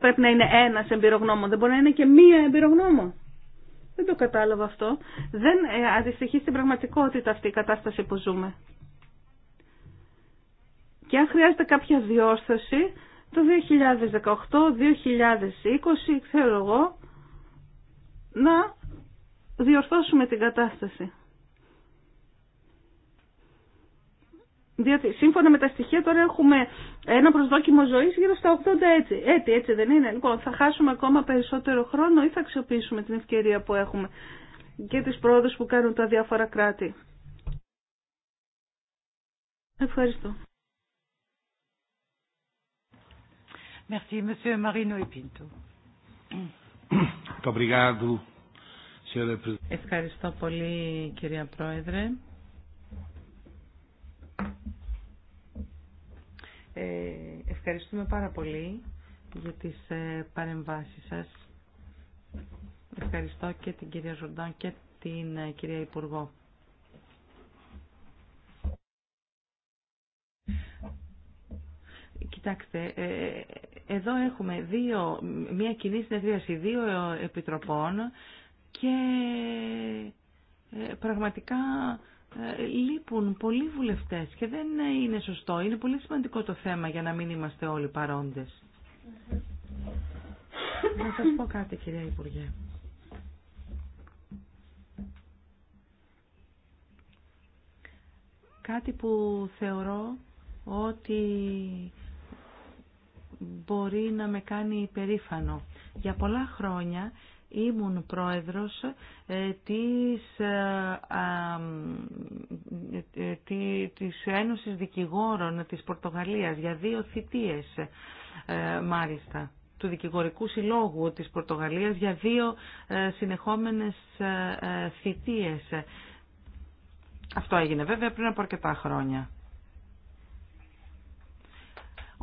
πρέπει να είναι ένα εμπειρογνώμο, δεν μπορεί να είναι και μία εμπειρογνώμο. Δεν το κατάλαβα αυτό. Δεν ε, αντιστοιχεί στην πραγματικότητα αυτή η κατάσταση που ζούμε. Και αν χρειάζεται κάποια διόρθωση, το 2018-2020, ξέρω εγώ, να διορθώσουμε την κατάσταση. Διότι σύμφωνα με τα στοιχεία τώρα έχουμε ένα προσδόκιμο ζωής γύρω στα 80 έτσι. Έτσι, έτσι δεν είναι. Λοιπόν, θα χάσουμε ακόμα περισσότερο χρόνο ή θα αξιοποιήσουμε την ευκαιρία που έχουμε και τις πρόοδες που κάνουν τα διάφορα κράτη. Ευχαριστώ. Merci, Monsieur Marino Ευχαριστώ πολύ, κυρία Πρόεδρε. Ε, ευχαριστούμε πάρα πολύ για τις ε, παρεμβάσεις σας. Ευχαριστώ και την κυρία Ζωνταν και την ε, κυρία Υπουργό. Κοιτάξτε, εδώ έχουμε δύο, μια κοινή συνεδρίαση δύο επιτροπών και πραγματικά ε, λείπουν πολλοί βουλευτές και δεν είναι σωστό. Είναι πολύ σημαντικό το θέμα για να μην είμαστε όλοι παρόντες. Να σας πω κάτι κυρία Υπουργέ. Κάτι που θεωρώ ότι μπορεί να με κάνει υπερήφανο. Για πολλά χρόνια ήμουν πρόεδρος ε, της, ε, ε, της Ένωσης Δικηγόρων της Πορτογαλίας για δύο θητείες μάλιστα του Δικηγορικού Συλλόγου της Πορτογαλίας για δύο συνεχόμενες θητείες. Αυτό έγινε βέβαια πριν από αρκετά χρόνια.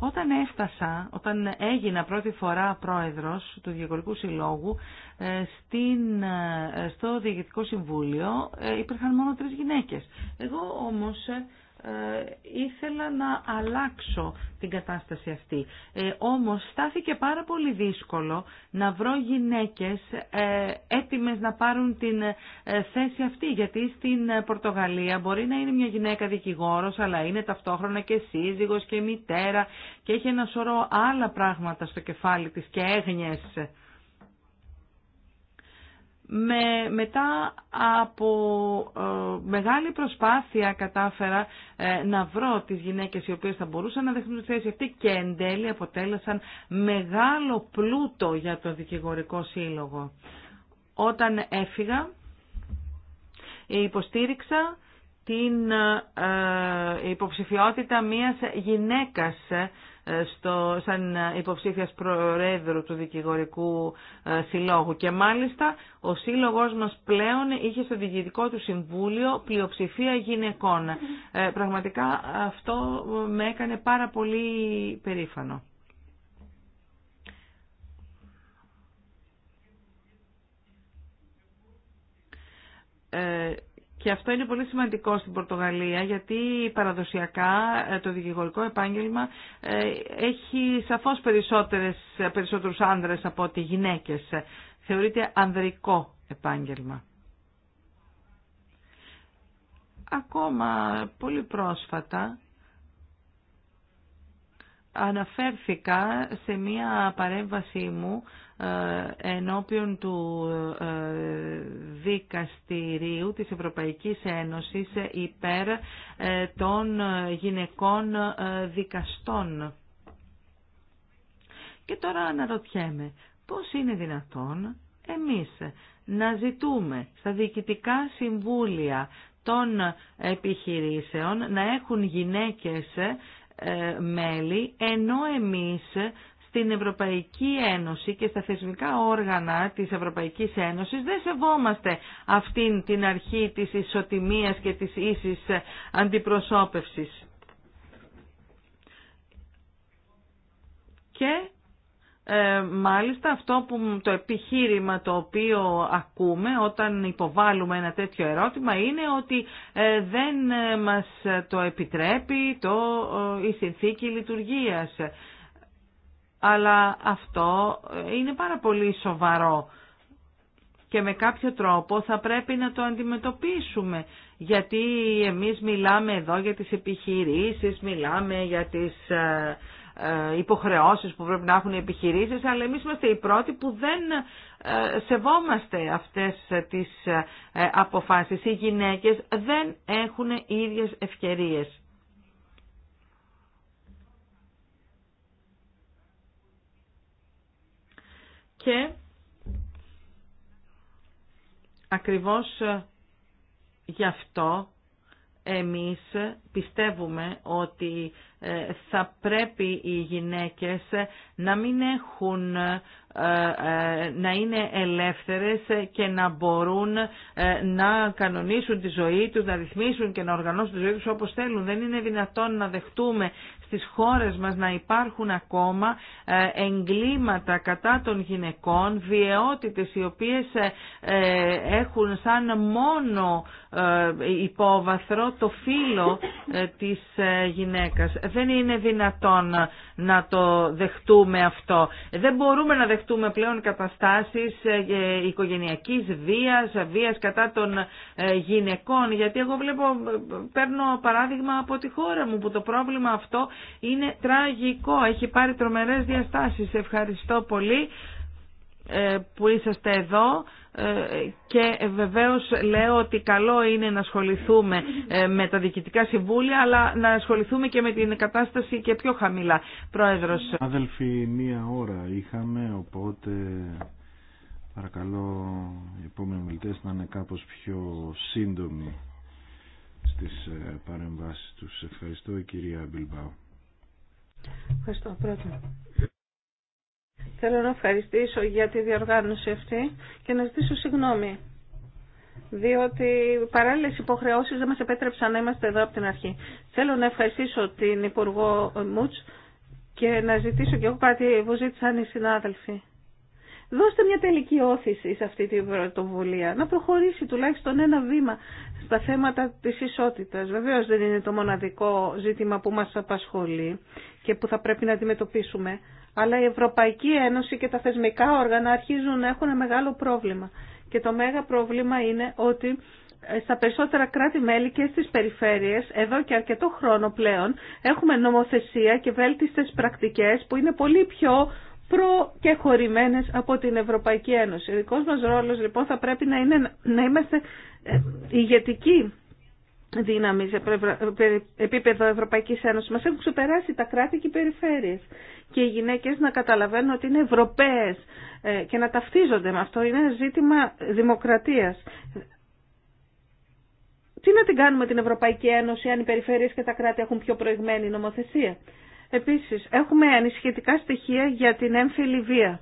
Όταν έφτασα, όταν έγινα πρώτη φορά πρόεδρος του Διακορικού Συλλόγου, ε, στην, ε, στο Διοικητικό Συμβούλιο ε, υπήρχαν μόνο τρεις γυναίκες. Εγώ όμως ε, ήθελα να αλλάξω την κατάσταση αυτή. Ε, όμως στάθηκε πάρα πολύ δύσκολο να βρω γυναίκες ε, έτοιμες να πάρουν την ε, θέση αυτή. Γιατί στην ε, Πορτογαλία μπορεί να είναι μια γυναίκα δικηγόρος, αλλά είναι ταυτόχρονα και σύζυγος και μητέρα και έχει ένα σωρό άλλα πράγματα στο κεφάλι της και έγνοιες με, μετά από ε, μεγάλη προσπάθεια κατάφερα ε, να βρω τις γυναίκες οι οποίες θα μπορούσαν να δεχτούν τη θέση αυτή και εν τέλει αποτέλεσαν μεγάλο πλούτο για το δικηγορικό σύλλογο. Όταν έφυγα υποστήριξα την ε, υποψηφιότητα μιας γυναίκας ε, ε, στο, σαν ε, υποψήφιας προέδρου του δικηγορικού ε, συλλόγου. Και μάλιστα ο σύλλογος μας πλέον είχε στο διοικητικό του συμβούλιο πλειοψηφία γυναικών. πραγματικά αυτό με έκανε πάρα πολύ περήφανο. Ε, και αυτό είναι πολύ σημαντικό στην Πορτογαλία γιατί παραδοσιακά ε, το δικηγορικό επάγγελμα ε, έχει σαφώς περισσότερες, περισσότερους άνδρες από ότι γυναίκες. Θεωρείται ανδρικό επάγγελμα. Ακόμα πολύ πρόσφατα αναφέρθηκα σε μία παρέμβασή μου ε, ενώπιον του ε, δικαστηρίου της Ευρωπαϊκής Ένωσης ε, υπέρ των γυναικών δικαστών. Και τώρα αναρωτιέμαι πώς είναι δυνατόν εμείς να ζητούμε στα διοικητικά συμβούλια των επιχειρήσεων να έχουν γυναίκες μέλη, ενώ εμείς στην Ευρωπαϊκή Ένωση και στα θεσμικά όργανα της Ευρωπαϊκής Ένωσης δεν σεβόμαστε αυτήν την αρχή της ισοτιμίας και της ίσης αντιπροσώπευσης. Και ε, μάλιστα αυτό που το επιχείρημα το οποίο ακούμε όταν υποβάλλουμε ένα τέτοιο ερώτημα είναι ότι ε, δεν ε, μας το επιτρέπει το, ε, η συνθήκη λειτουργίας αλλά αυτό ε, είναι πάρα πολύ σοβαρό και με κάποιο τρόπο θα πρέπει να το αντιμετωπίσουμε. Γιατί εμείς μιλάμε εδώ για τις επιχειρήσεις, μιλάμε για τις ε, ε, υποχρεώσεις που πρέπει να έχουν οι επιχειρήσεις, αλλά εμείς είμαστε οι πρώτοι που δεν σεβόμαστε αυτές τις αποφάσεις. Οι γυναίκες δεν έχουν ίδιες ευκαιρίες. και ακριβώς γι' αυτό εμείς πιστεύουμε ότι ε, θα πρέπει οι γυναίκες να μην έχουν, ε, ε, να είναι ελεύθερες και να μπορούν να κανονίσουν τη ζωή τους, να ρυθμίσουν και να οργανώσουν τη ζωή τους όπως θέλουν. Δεν είναι δυνατόν να δεχτούμε στις χώρες μας να υπάρχουν ακόμα ε, εγκλήματα κατά των γυναικών, βιαιότητες οι οποίες ε, ε, έχουν σαν μόνο υπόβαθρο το φύλλο της γυναίκας. Δεν είναι δυνατόν να το δεχτούμε αυτό. Δεν μπορούμε να δεχτούμε πλέον καταστάσεις οικογενειακής βίας, βίας κατά των γυναικών, γιατί εγώ βλέπω, παίρνω παράδειγμα από τη χώρα μου που το πρόβλημα αυτό είναι τραγικό. Έχει πάρει τρομερές διαστάσεις. Ευχαριστώ πολύ ε, που είσαστε εδώ ε, και ε, βεβαίως λέω ότι καλό είναι να ασχοληθούμε με τα διοικητικά συμβούλια αλλά να ασχοληθούμε και με την κατάσταση και πιο χαμηλά. Πρόεδρος. Αδελφοί, μία ώρα είχαμε οπότε παρακαλώ οι επόμενοι μιλητές να είναι κάπως πιο σύντομοι στις παρεμβάσεις τους. Ευχαριστώ η κυρία Μπιλμπάου. Ευχαριστώ πρώτα. Θέλω να ευχαριστήσω για τη διοργάνωση αυτή και να ζητήσω συγγνώμη. Διότι παράλληλε υποχρεώσει δεν μα επέτρεψαν να είμαστε εδώ από την αρχή. Θέλω να ευχαριστήσω την Υπουργό Μούτ και να ζητήσω και εγώ κάτι που ζήτησαν οι συνάδελφοι δώστε μια τελική όθηση σε αυτή τη πρωτοβουλία, να προχωρήσει τουλάχιστον ένα βήμα στα θέματα της ισότητας. Βεβαίως δεν είναι το μοναδικό ζήτημα που μας απασχολεί και που θα πρέπει να αντιμετωπίσουμε, αλλά η Ευρωπαϊκή Ένωση και τα θεσμικά όργανα αρχίζουν να έχουν μεγάλο πρόβλημα. Και το μέγα πρόβλημα είναι ότι ε, στα περισσότερα κράτη-μέλη και στις περιφέρειες, εδώ και αρκετό χρόνο πλέον, έχουμε νομοθεσία και βέλτιστες πρακτικές που είναι πολύ πιο προ και χωρημένες από την Ευρωπαϊκή Ένωση. Ο δικός μας ρόλος λοιπόν θα πρέπει να είναι να είμαστε ε, ηγετική δύναμη σε ε, επίπεδο Ευρωπαϊκής Ένωσης. Μας έχουν ξεπεράσει τα κράτη και οι περιφέρειες. Και οι γυναίκες να καταλαβαίνουν ότι είναι Ευρωπαίες ε, και να ταυτίζονται με αυτό. Είναι ζήτημα δημοκρατίας. Τι να την κάνουμε την Ευρωπαϊκή Ένωση αν οι περιφέρειες και τα κράτη έχουν πιο προηγμένη νομοθεσία. Επίσης, έχουμε ανησυχητικά στοιχεία για την έμφυλη βία.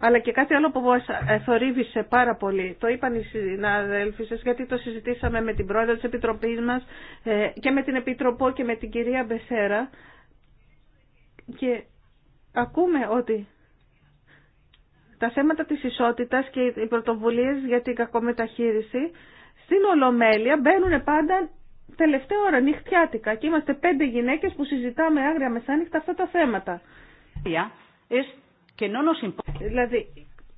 Αλλά και κάτι άλλο που μας θορύβησε πάρα πολύ. Το είπαν οι συναδέλφοι σας, γιατί το συζητήσαμε με την πρόεδρο της Επιτροπής μας ε, και με την Επιτροπό και με την κυρία Μπεσέρα. Και ακούμε ότι τα θέματα της ισότητας και οι πρωτοβουλίες για την κακομεταχείριση στην Ολομέλεια μπαίνουν πάντα τελευταία ώρα, νυχτιάτικα, και είμαστε πέντε γυναίκες που συζητάμε άγρια μεσάνυχτα αυτά τα θέματα. Δηλαδή,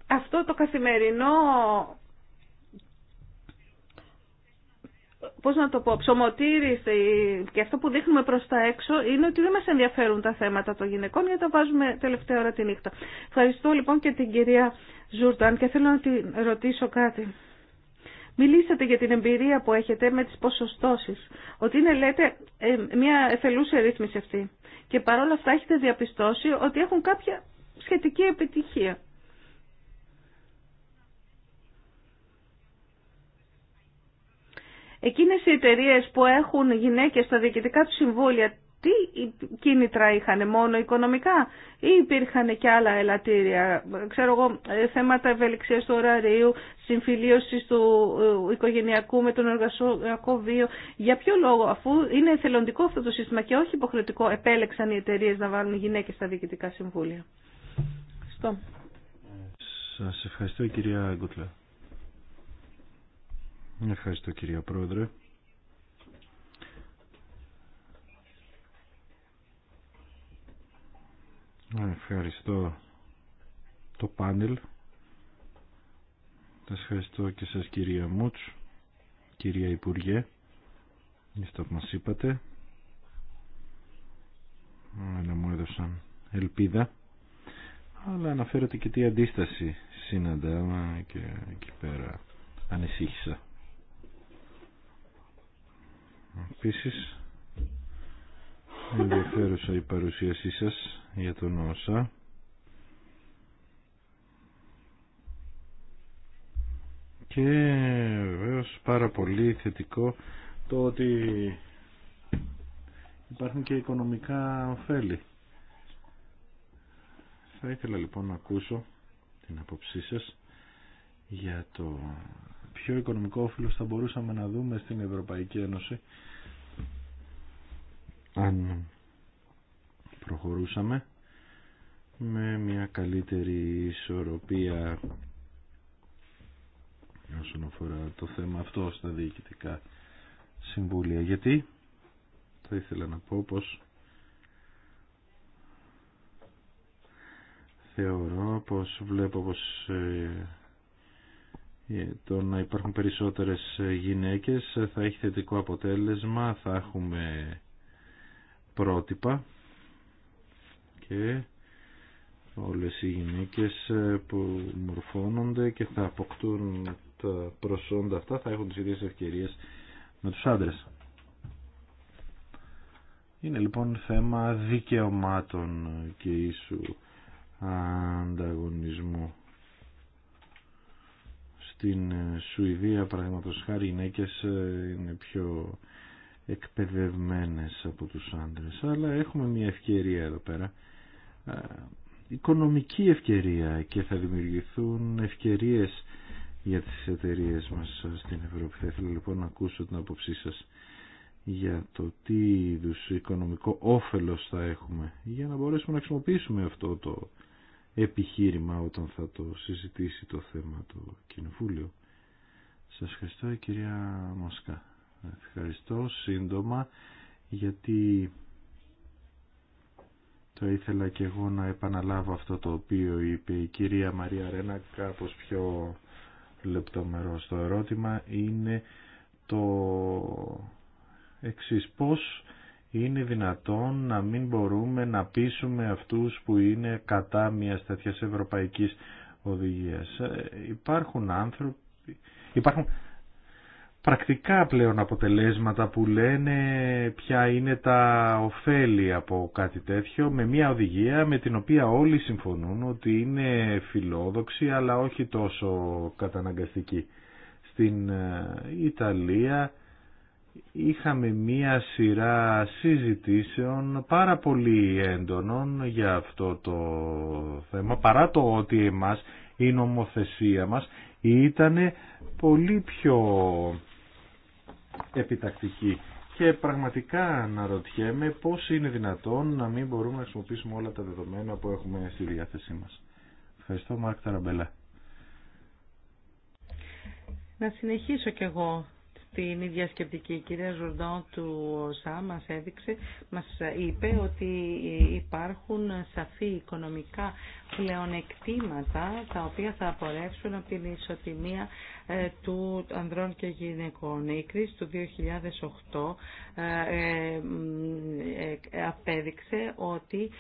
αυτό το καθημερινό, πώς να το πω, ψωμοτήρι και αυτό που δείχνουμε προς τα έξω είναι ότι δεν μας ενδιαφέρουν τα θέματα των γυναικών γιατί τα βάζουμε τελευταία ώρα τη νύχτα. Ευχαριστώ λοιπόν και την κυρία Ζούρταν και θέλω να την ρωτήσω κάτι. Μιλήσατε για την εμπειρία που έχετε με τις ποσοστώσεις, ότι είναι, λέτε, ε, μια εφελούσια ρύθμιση αυτή. Και παρόλα αυτά έχετε διαπιστώσει ότι έχουν κάποια σχετική επιτυχία. Εκείνες οι εταιρείες που έχουν γυναίκες στα διοικητικά του συμβούλια, τι κίνητρα είχαν, μόνο οικονομικά ή υπήρχαν και άλλα ελαττήρια, ξέρω εγώ, ε, θέματα ευελιξίας του ωραρίου, συμφιλίωσης του ε, οικογενειακού με τον εργασιακό βίο. Για ποιο λόγο, αφού είναι θελοντικό αυτό το σύστημα και όχι υποχρεωτικό, επέλεξαν οι εταιρείε να βάλουν γυναίκες στα διοικητικά συμβούλια. Ευχαριστώ. Σας ευχαριστώ κυρία Γκούτλα. Ευχαριστώ κυρία Πρόεδρε. Ευχαριστώ το πάνελ. Σα ευχαριστώ και σας κυρία Μούτς, κυρία Υπουργέ, για στο που μας είπατε. Αλλά μου έδωσαν ελπίδα. Αλλά αναφέρατε και τι αντίσταση συναντάμε και εκεί πέρα ανησύχησα. Επίσης, Ενδιαφέρουσα η παρουσίασή σας για τον ΩΣΑ. Και βεβαίω πάρα πολύ θετικό το ότι υπάρχουν και οικονομικά ωφέλη. Θα ήθελα λοιπόν να ακούσω την απόψή σας για το ποιο οικονομικό όφελος θα μπορούσαμε να δούμε στην Ευρωπαϊκή Ένωση αν προχωρούσαμε με μια καλύτερη ισορροπία όσον αφορά το θέμα αυτό στα διοικητικά συμβούλια. Γιατί θα ήθελα να πω πως θεωρώ πως βλέπω πως ε, ε, το να υπάρχουν περισσότερες γυναίκες θα έχει θετικό αποτέλεσμα, θα έχουμε πρότυπα και όλες οι γυναίκες ε, που μορφώνονται και θα αποκτούν τα προσόντα αυτά θα έχουν τις ίδιες ευκαιρίες με τους άντρες. Είναι λοιπόν θέμα δικαιωμάτων και ίσου ανταγωνισμού. Στην Σουηδία, παραδείγματος χάρη, οι γυναίκες ε, είναι πιο εκπαιδευμένες από τους άντρες αλλά έχουμε μια ευκαιρία εδώ πέρα οικονομική ευκαιρία και θα δημιουργηθούν ευκαιρίες για τις εταιρείε μας στην Ευρώπη. Θα ήθελα λοιπόν να ακούσω την άποψή σας για το τι είδους οικονομικό όφελος θα έχουμε για να μπορέσουμε να χρησιμοποιήσουμε αυτό το επιχείρημα όταν θα το συζητήσει το θέμα το Κοινοβούλιο. Σας ευχαριστώ κυρία Μασκά. Ευχαριστώ σύντομα γιατί το ήθελα και εγώ να επαναλάβω αυτό το οποίο είπε η κυρία Μαρία Ρένα κάπως πιο λεπτομερό στο ερώτημα είναι το εξής πώς είναι δυνατόν να μην μπορούμε να πείσουμε αυτούς που είναι κατά μιας τέτοια ευρωπαϊκής οδηγίας. Ε, υπάρχουν άνθρωποι, υπάρχουν πρακτικά πλέον αποτελέσματα που λένε ποια είναι τα ωφέλη από κάτι τέτοιο με μια οδηγία με την οποία όλοι συμφωνούν ότι είναι φιλόδοξη αλλά όχι τόσο καταναγκαστική. Στην ε, Ιταλία είχαμε μία σειρά συζητήσεων πάρα πολύ έντονων για αυτό το θέμα παρά το ότι εμάς η νομοθεσία μας ήταν πολύ πιο επιτακτική. Και πραγματικά αναρωτιέμαι πώς είναι δυνατόν να μην μπορούμε να χρησιμοποιήσουμε όλα τα δεδομένα που έχουμε στη διάθεσή μας. Ευχαριστώ Μάρκ Ταραμπέλα. Να συνεχίσω κι εγώ την ίδια σκεπτική. Η κυρία Ζουρντό του ΩΣΑ μας έδειξε, μας είπε ότι υπάρχουν σαφή οικονομικά πλεονεκτήματα τα οποία θα απορρεύσουν από την ισοτιμία ε, του ανδρών και γυναικών. Η κρίση του 2008 ε, ε, απέδειξε ότι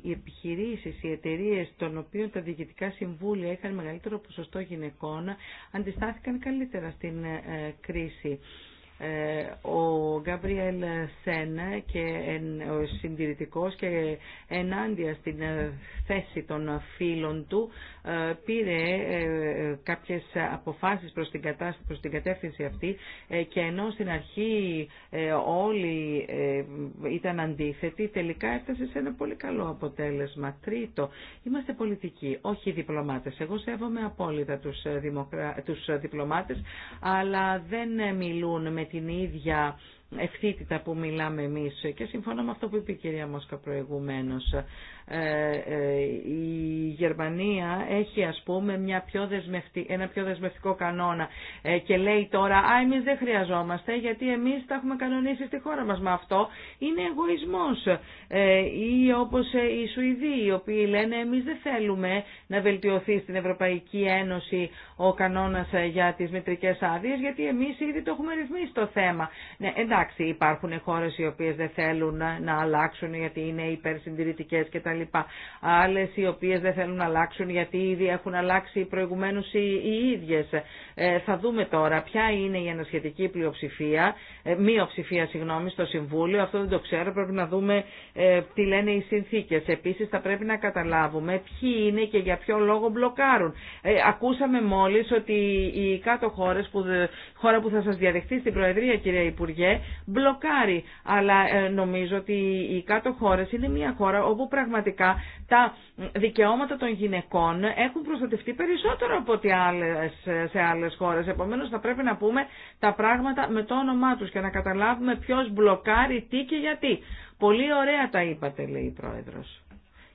οι επιχειρήσεις, οι εταιρείες των οποίων τα διοικητικά συμβούλια είχαν μεγαλύτερο ποσοστό γυναικών αντιστάθηκαν καλύτερα στην κρίση. Ε, ο Γκάμπριελ Σένα και ο συντηρητικός και ενάντια στην ε, θέση των φίλων του ε, πήρε κάποιες αποφάσεις προς την, κατεύθυνση αυτή και ενώ στην αρχή όλοι ήταν αντίθετοι τελικά έφτασε σε ένα πολύ καλό αποτέλεσμα. Τρίτο, είμαστε πολιτικοί, όχι διπλωμάτες. Εγώ σέβομαι απόλυτα τους, δημοκρα... τους διπλωμάτες αλλά δεν μιλούν με την ίδια ευθύτητα που μιλάμε εμείς και συμφωνώ με αυτό που είπε η κυρία Μόσκα προηγουμένως ε, ε, η Γερμανία έχει ας πούμε μια πιο ένα πιο δεσμευτικό κανόνα ε, και λέει τώρα «Α, εμείς δεν χρειαζόμαστε γιατί εμείς τα έχουμε κανονίσει στη χώρα μας». Μα αυτό είναι εγωισμός. ή όπως οι Σουηδοί οι οποίοι λένε «Εμείς δεν θέλουμε να βελτιωθεί στην Ευρωπαϊκή Ένωση ο κανόνας για τις μητρικές άδειε, γιατί εμείς ήδη το έχουμε ρυθμίσει το θέμα». Ναι, εντάξει υπάρχουν χώρες οι οποίες δεν θέλουν να αλλάξουν γιατί είναι υπερσυντηρητικές κτλ κτλ. Άλλε οι οποίε δεν θέλουν να αλλάξουν γιατί ήδη έχουν αλλάξει προηγουμένω οι, οι ίδιες. Ε, θα δούμε τώρα ποια είναι η ανασχετική πλειοψηφία, ε, μειοψηφία συγγνώμη, στο Συμβούλιο. Αυτό δεν το ξέρω, πρέπει να δούμε ε, τι λένε οι συνθήκε. Επίση θα πρέπει να καταλάβουμε ποιοι είναι και για ποιο λόγο μπλοκάρουν. Ε, ακούσαμε μόλι ότι οι κάτω χώρε, χώρα που θα σα διαδεχτεί στην Προεδρία κυρία Υπουργέ, μπλοκάρει. Αλλά νομίζω ότι οι κάτω χώρε είναι μια χώρα όπου πραγματικά τα δικαιώματα των γυναικών έχουν προστατευτεί περισσότερο από ότι άλλες, σε άλλες χώρες. Επομένως θα πρέπει να πούμε τα πράγματα με το όνομά τους και να καταλάβουμε ποιος μπλοκάρει τι και γιατί. Πολύ ωραία τα είπατε λέει η Πρόεδρος.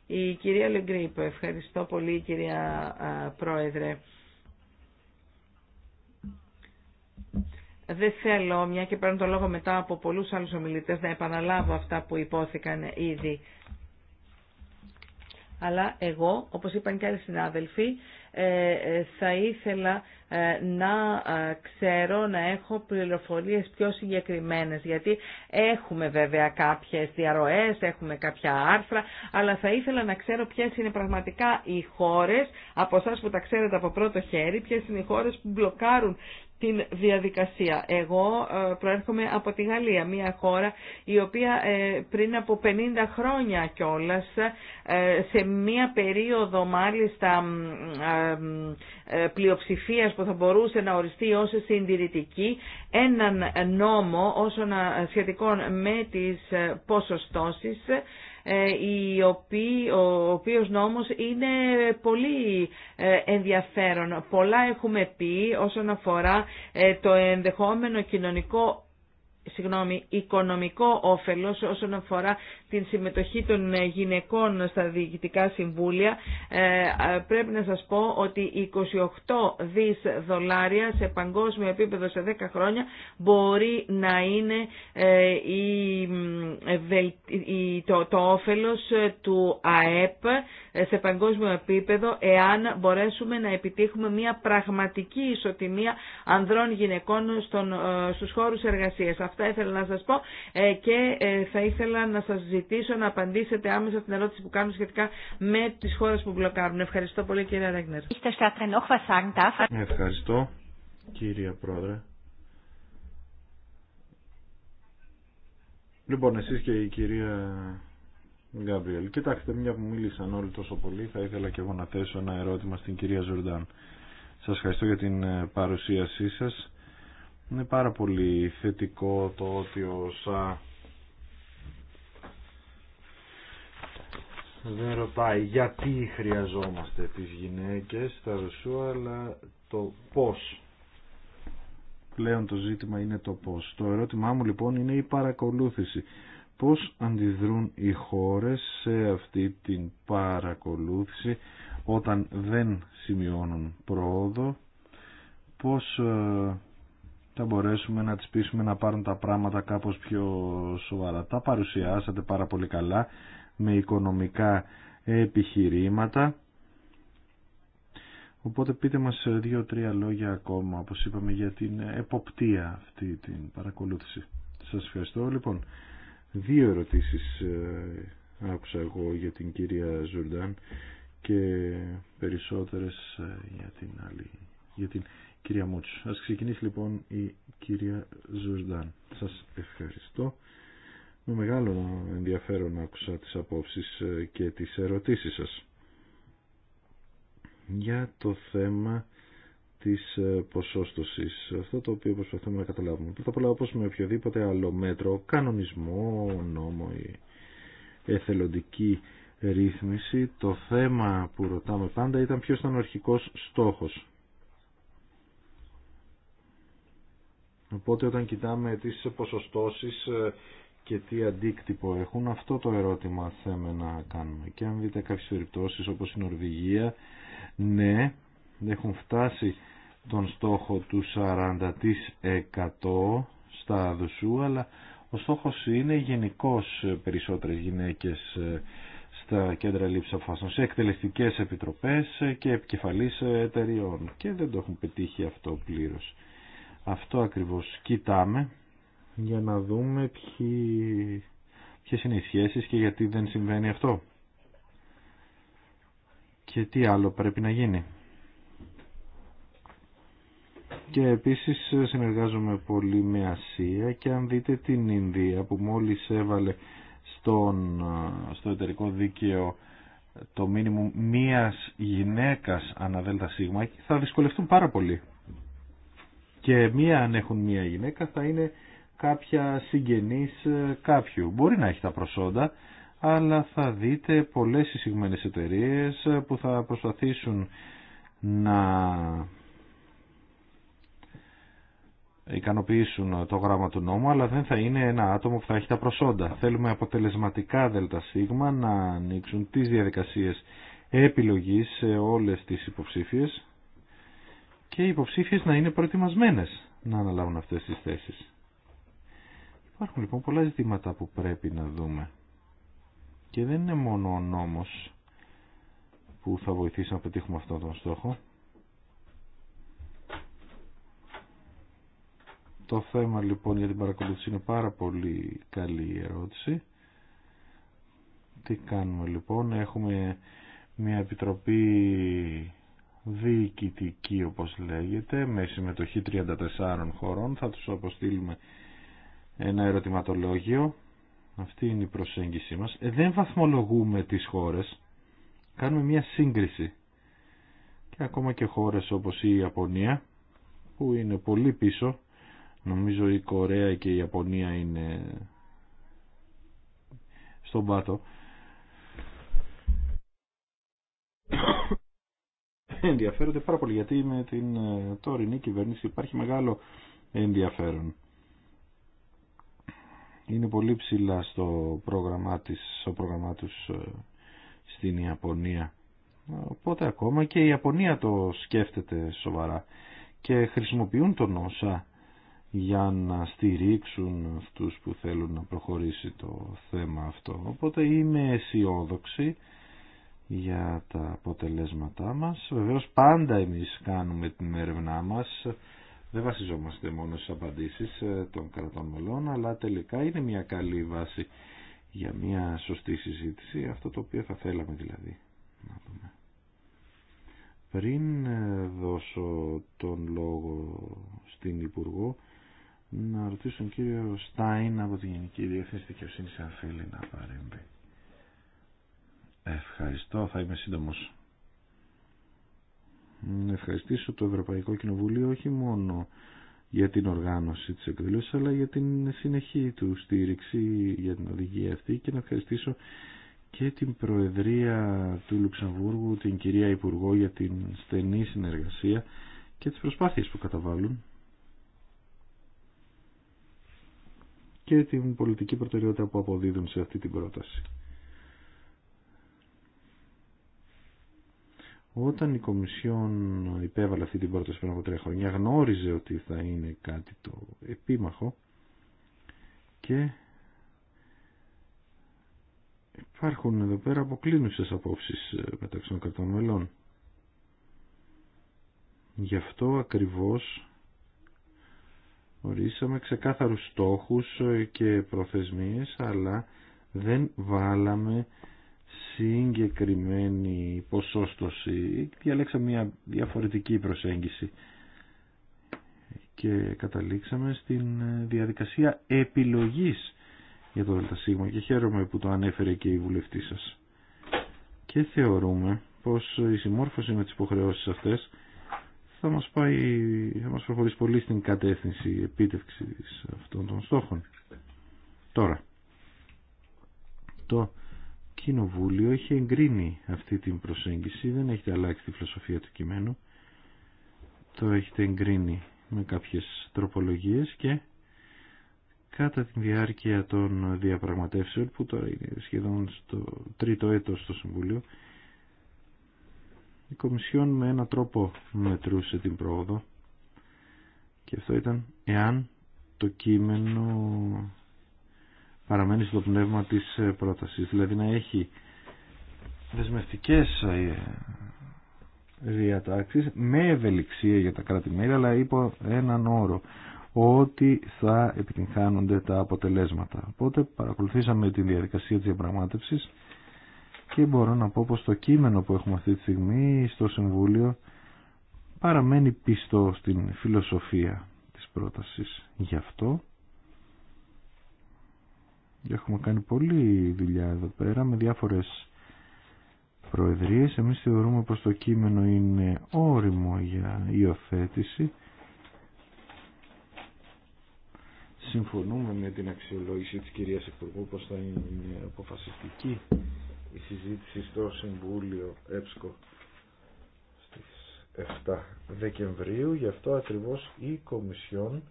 Η κυρία Λεγκρίπ, ευχαριστώ πολύ κυρία Πρόεδρε. Δεν θέλω, μια και παίρνω το λόγο μετά από πολλούς άλλους ομιλητές, να επαναλάβω αυτά που υπόθηκαν ήδη αλλά εγώ, όπως είπαν και άλλοι συνάδελφοι, ε, ε, θα ήθελα ε, να ξέρω, να έχω πληροφορίες πιο συγκεκριμένες, γιατί έχουμε βέβαια κάποιες διαρροές, έχουμε κάποια άρθρα, αλλά θα ήθελα να ξέρω ποιες είναι πραγματικά οι χώρες, από εσά που τα ξέρετε από πρώτο χέρι, ποιες είναι οι χώρες που μπλοκάρουν την διαδικασία. Εγώ ε, προέρχομαι από τη Γαλλία, μια χώρα η οποία ε, πριν από 50 χρόνια κιόλας ε, σε μια περίοδο μάλιστα πλειοψηφία που θα μπορούσε να οριστεί ως συντηρητική έναν νόμο όσον σχετικό με τις ποσοστώσεις ε, ο οποίος νόμος είναι πολύ ε, ενδιαφέρον. Πολλά έχουμε πει όσον αφορά ε, το ενδεχόμενο κοινωνικό συγγνώμη, οικονομικό όφελος όσον αφορά την συμμετοχή των ε, γυναικών στα διοικητικά συμβούλια, ε, πρέπει να σας πω ότι 28 δις δολάρια σε παγκόσμιο επίπεδο σε 10 χρόνια μπορεί να είναι ε, το, το όφελος του ΑΕΠ σε παγκόσμιο επίπεδο εάν μπορέσουμε να επιτύχουμε μια πραγματική ισοτιμία ανδρών γυναικών στον, στους χώρους εργασίας. Αυτά ήθελα να σας πω και θα ήθελα να σας ζητήσω ζητήσω να απαντήσετε άμεσα στην ερώτηση που κάνουμε σχετικά με τις χώρες που μπλοκάρουν. Ευχαριστώ πολύ κύριε Ρέγνερ. Ευχαριστώ κύριε Πρόεδρε. Λοιπόν, εσείς και η κυρία Γκάμπριελ, κοιτάξτε, μια που μίλησαν όλοι τόσο πολύ, θα ήθελα και εγώ να θέσω ένα ερώτημα στην κυρία Ζορντάν. Σας ευχαριστώ για την ε, παρουσίασή σας. Είναι πάρα πολύ θετικό το ότι ο ΣΑ δεν ρωτάει γιατί χρειαζόμαστε τις γυναίκες στα Ρωσού, αλλά το πώς. Πλέον το ζήτημα είναι το πώς. Το ερώτημά μου λοιπόν είναι η παρακολούθηση. Πώς αντιδρούν οι χώρες σε αυτή την παρακολούθηση όταν δεν σημειώνουν πρόοδο, πώς ε, θα μπορέσουμε να τις πείσουμε να πάρουν τα πράγματα κάπως πιο σοβαρά. Τα παρουσιάσατε πάρα πολύ καλά με οικονομικά επιχειρήματα. Οπότε πείτε μας δύο-τρία λόγια ακόμα, όπως είπαμε, για την εποπτεία αυτή την παρακολούθηση. Σας ευχαριστώ. Λοιπόν, δύο ερωτήσεις ε, άκουσα εγώ για την κυρία Ζουρντάν και περισσότερες ε, για την άλλη, για την κυρία Μούτσου. Ας ξεκινήσει λοιπόν η κυρία Ζουρντάν. Σας ευχαριστώ. Με μεγάλο ενδιαφέρον άκουσα τις απόψεις ε, και τις ερωτήσεις σας για το θέμα της ε, ποσόστοσης. Αυτό το οποίο προσπαθούμε να καταλάβουμε. Πρώτα απ' όλα όπως με οποιοδήποτε άλλο μέτρο, κανονισμό, νόμο ή εθελοντική ρύθμιση, το θέμα που ρωτάμε πάντα ήταν ποιος ήταν ο αρχικός στόχος. Οπότε όταν κοιτάμε τις ποσοστώσεις ε, και τι αντίκτυπο έχουν, αυτό το ερώτημα θέμε να κάνουμε. Και αν δείτε κάποιες περιπτώσεις όπως η Νορβηγία, ναι, έχουν φτάσει τον στόχο του 40% στα δουσού, αλλά ο στόχος είναι γενικώ περισσότερες γυναίκες ε, στα κέντρα λήψης αποφάσεων, σε εκτελεστικές επιτροπές ε, και επικεφαλής ε, εταιριών και δεν το έχουν πετύχει αυτό πλήρως. Αυτό ακριβώς κοιτάμε για να δούμε ποιε ποιες είναι οι σχέσεις και γιατί δεν συμβαίνει αυτό. Και τι άλλο πρέπει να γίνει. Και επίσης συνεργάζομαι πολύ με Ασία και αν δείτε την Ινδία που μόλις έβαλε στον, στο εταιρικό δίκαιο το μήνυμο μίας γυναίκας αναδέλτα σίγμα θα δυσκολευτούν πάρα πολύ. Και μία αν έχουν μία γυναίκα θα είναι κάποια συγγενής ε, κάποιου. Μπορεί να έχει τα προσόντα, αλλά θα δείτε πολλές εισηγμένες εταιρείε ε, που θα προσπαθήσουν να ικανοποιήσουν το γράμμα του νόμου, αλλά δεν θα είναι ένα άτομο που θα έχει τα προσόντα. Θέλουμε αποτελεσματικά ΔΣ να ανοίξουν τις διαδικασίες επιλογής σε όλες τις υποψήφιες και οι υποψήφιες να είναι προετοιμασμένες να αναλάβουν αυτές τις θέσεις. Υπάρχουν λοιπόν πολλά ζητήματα που πρέπει να δούμε. Και δεν είναι μόνο ο νόμος που θα βοηθήσει να πετύχουμε αυτόν τον στόχο. Το θέμα λοιπόν για την παρακολούθηση είναι πάρα πολύ καλή ερώτηση. Τι κάνουμε λοιπόν, έχουμε μια επιτροπή διοικητική όπως λέγεται με συμμετοχή 34 χωρών, θα τους αποστείλουμε ένα ερωτηματολόγιο. Αυτή είναι η προσέγγιση μας. Ε, δεν βαθμολογούμε τις χώρες. Κάνουμε μια σύγκριση. Και ακόμα και χώρες όπως η Ιαπωνία, που είναι πολύ πίσω. Νομίζω η Κορέα και η Ιαπωνία είναι στον πάτο. Ενδιαφέρονται πάρα πολύ γιατί με την ε, τωρινή κυβέρνηση υπάρχει μεγάλο ενδιαφέρον είναι πολύ ψηλά στο πρόγραμμά, της, στο πρόγραμμά τους ε, στην Ιαπωνία. Οπότε ακόμα και η Ιαπωνία το σκέφτεται σοβαρά και χρησιμοποιούν τον όσα για να στηρίξουν αυτούς που θέλουν να προχωρήσει το θέμα αυτό. Οπότε είμαι αισιόδοξη για τα αποτελέσματά μας. Βεβαίως πάντα εμείς κάνουμε την έρευνά μας δεν βασιζόμαστε μόνο στις απαντήσεις ε, των κρατών μελών, αλλά τελικά είναι μια καλή βάση για μια σωστή συζήτηση, αυτό το οποίο θα θέλαμε δηλαδή. Να δούμε. Πριν ε, δώσω τον λόγο στην Υπουργό, να ρωτήσω τον κύριο Στάιν από την Γενική Διεύθυνση Δικαιοσύνη αν θέλει να παρέμβει. Ευχαριστώ, θα είμαι σύντομος να ευχαριστήσω το Ευρωπαϊκό Κοινοβούλιο όχι μόνο για την οργάνωση της εκδήλωσης αλλά για την συνεχή του στήριξη για την οδηγία αυτή και να ευχαριστήσω και την Προεδρία του Λουξεμβούργου, την κυρία Υπουργό για την στενή συνεργασία και τις προσπάθειες που καταβάλουν και την πολιτική προτεραιότητα που αποδίδουν σε αυτή την πρόταση. Όταν η Κομισιόν υπέβαλε αυτή την πρόταση πριν από τρία χρόνια γνώριζε ότι θα είναι κάτι το επίμαχο και υπάρχουν εδώ πέρα αποκλίνουσες απόψεις ε, μεταξύ των κρατών μελών. Γι' αυτό ακριβώς ορίσαμε ξεκάθαρους στόχους ε, και προθεσμίες αλλά δεν βάλαμε συγκεκριμένη ποσόστοση. Διαλέξαμε μια διαφορετική προσέγγιση και καταλήξαμε στην διαδικασία επιλογής για το ΔΣ και χαίρομαι που το ανέφερε και η βουλευτή σας. Και θεωρούμε πως η συμμόρφωση με τις υποχρεώσεις αυτές θα μας, πάει, μας προχωρήσει πολύ στην κατεύθυνση επίτευξης αυτών των στόχων. Τώρα, το Κοινοβούλιο έχει εγκρίνει αυτή την προσέγγιση, δεν έχετε αλλάξει τη φιλοσοφία του κειμένου. Το έχετε εγκρίνει με κάποιες τροπολογίες και κατά τη διάρκεια των διαπραγματεύσεων που τώρα είναι σχεδόν στο τρίτο έτος στο Συμβούλιο η Κομισιόν με ένα τρόπο μετρούσε την πρόοδο και αυτό ήταν εάν το κείμενο παραμένει στο πνεύμα της ε, πρότασης. Δηλαδή να έχει δεσμευτικές ε, διατάξεις με ευελιξία για τα κρατη αλλά υπό έναν όρο ότι θα επιτυγχάνονται τα αποτελέσματα. Οπότε παρακολουθήσαμε τη διαδικασία της διαπραγμάτευσης και μπορώ να πω πως το κείμενο που έχουμε αυτή τη στιγμή στο Συμβούλιο παραμένει πιστό στην φιλοσοφία της πρότασης. Γι' αυτό Έχουμε κάνει πολλή δουλειά εδώ πέρα με διάφορες προεδρίες. Εμείς θεωρούμε πως το κείμενο είναι όριμο για υιοθέτηση. Συμφωνούμε με την αξιολόγηση της κυρίας Υπουργού πως θα είναι αποφασιστική η συζήτηση στο Συμβούλιο ΕΠΣΚΟ στις 7 Δεκεμβρίου. Γι' αυτό ακριβώς η Κομισιόν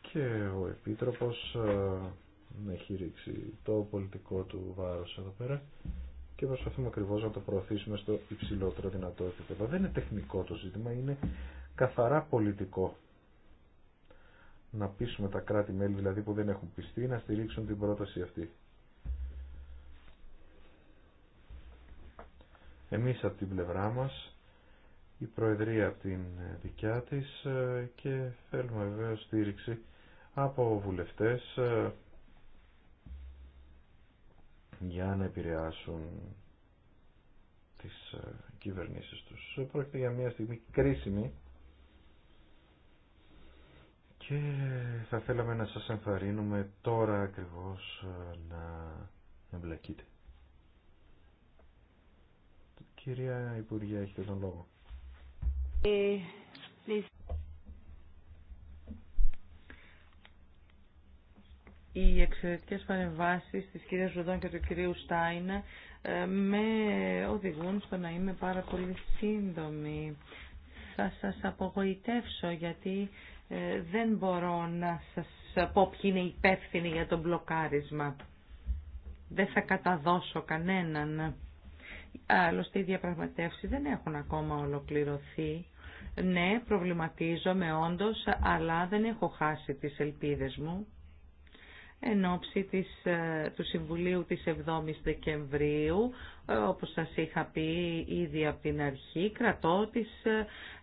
και ο Επίτροπος να έχει ρίξει το πολιτικό του βάρος εδώ πέρα και προσπαθούμε ακριβώς να το προωθήσουμε στο υψηλότερο δυνατό επίπεδο. Δεν είναι τεχνικό το ζήτημα, είναι καθαρά πολιτικό. Να πείσουμε τα κράτη-μέλη δηλαδή που δεν έχουν πιστεί να στηρίξουν την πρόταση αυτή. Εμείς από την πλευρά μας, η Προεδρία από την δικιά της ε, και θέλουμε βέβαια στήριξη από βουλευτές ε, για να επηρεάσουν τις ε, κυβερνήσεις τους. Ε, πρόκειται για μια στιγμή κρίσιμη και θα θέλαμε να σας ενθαρρύνουμε τώρα ακριβώς ε, να εμπλακείτε. Κυρία Υπουργέ, έχετε τον λόγο. Ε, οι εξαιρετικές παρεμβάσεις της κυρίας Ροδόν και του κυρίου Στάινα ε, με οδηγούν στο να είμαι πάρα πολύ σύντομη. Θα σας απογοητεύσω γιατί ε, δεν μπορώ να σας πω ποιοι είναι υπεύθυνοι για το μπλοκάρισμα. Δεν θα καταδώσω κανέναν. Άλλωστε οι διαπραγματεύσεις δεν έχουν ακόμα ολοκληρωθεί. Ναι, προβληματίζομαι όντως, αλλά δεν έχω χάσει τις ελπίδες μου εν ώψη της, ε, του Συμβουλίου της 7ης Δεκεμβρίου, ε, όπως σας είχα πει ήδη από την αρχή, κρατώ τις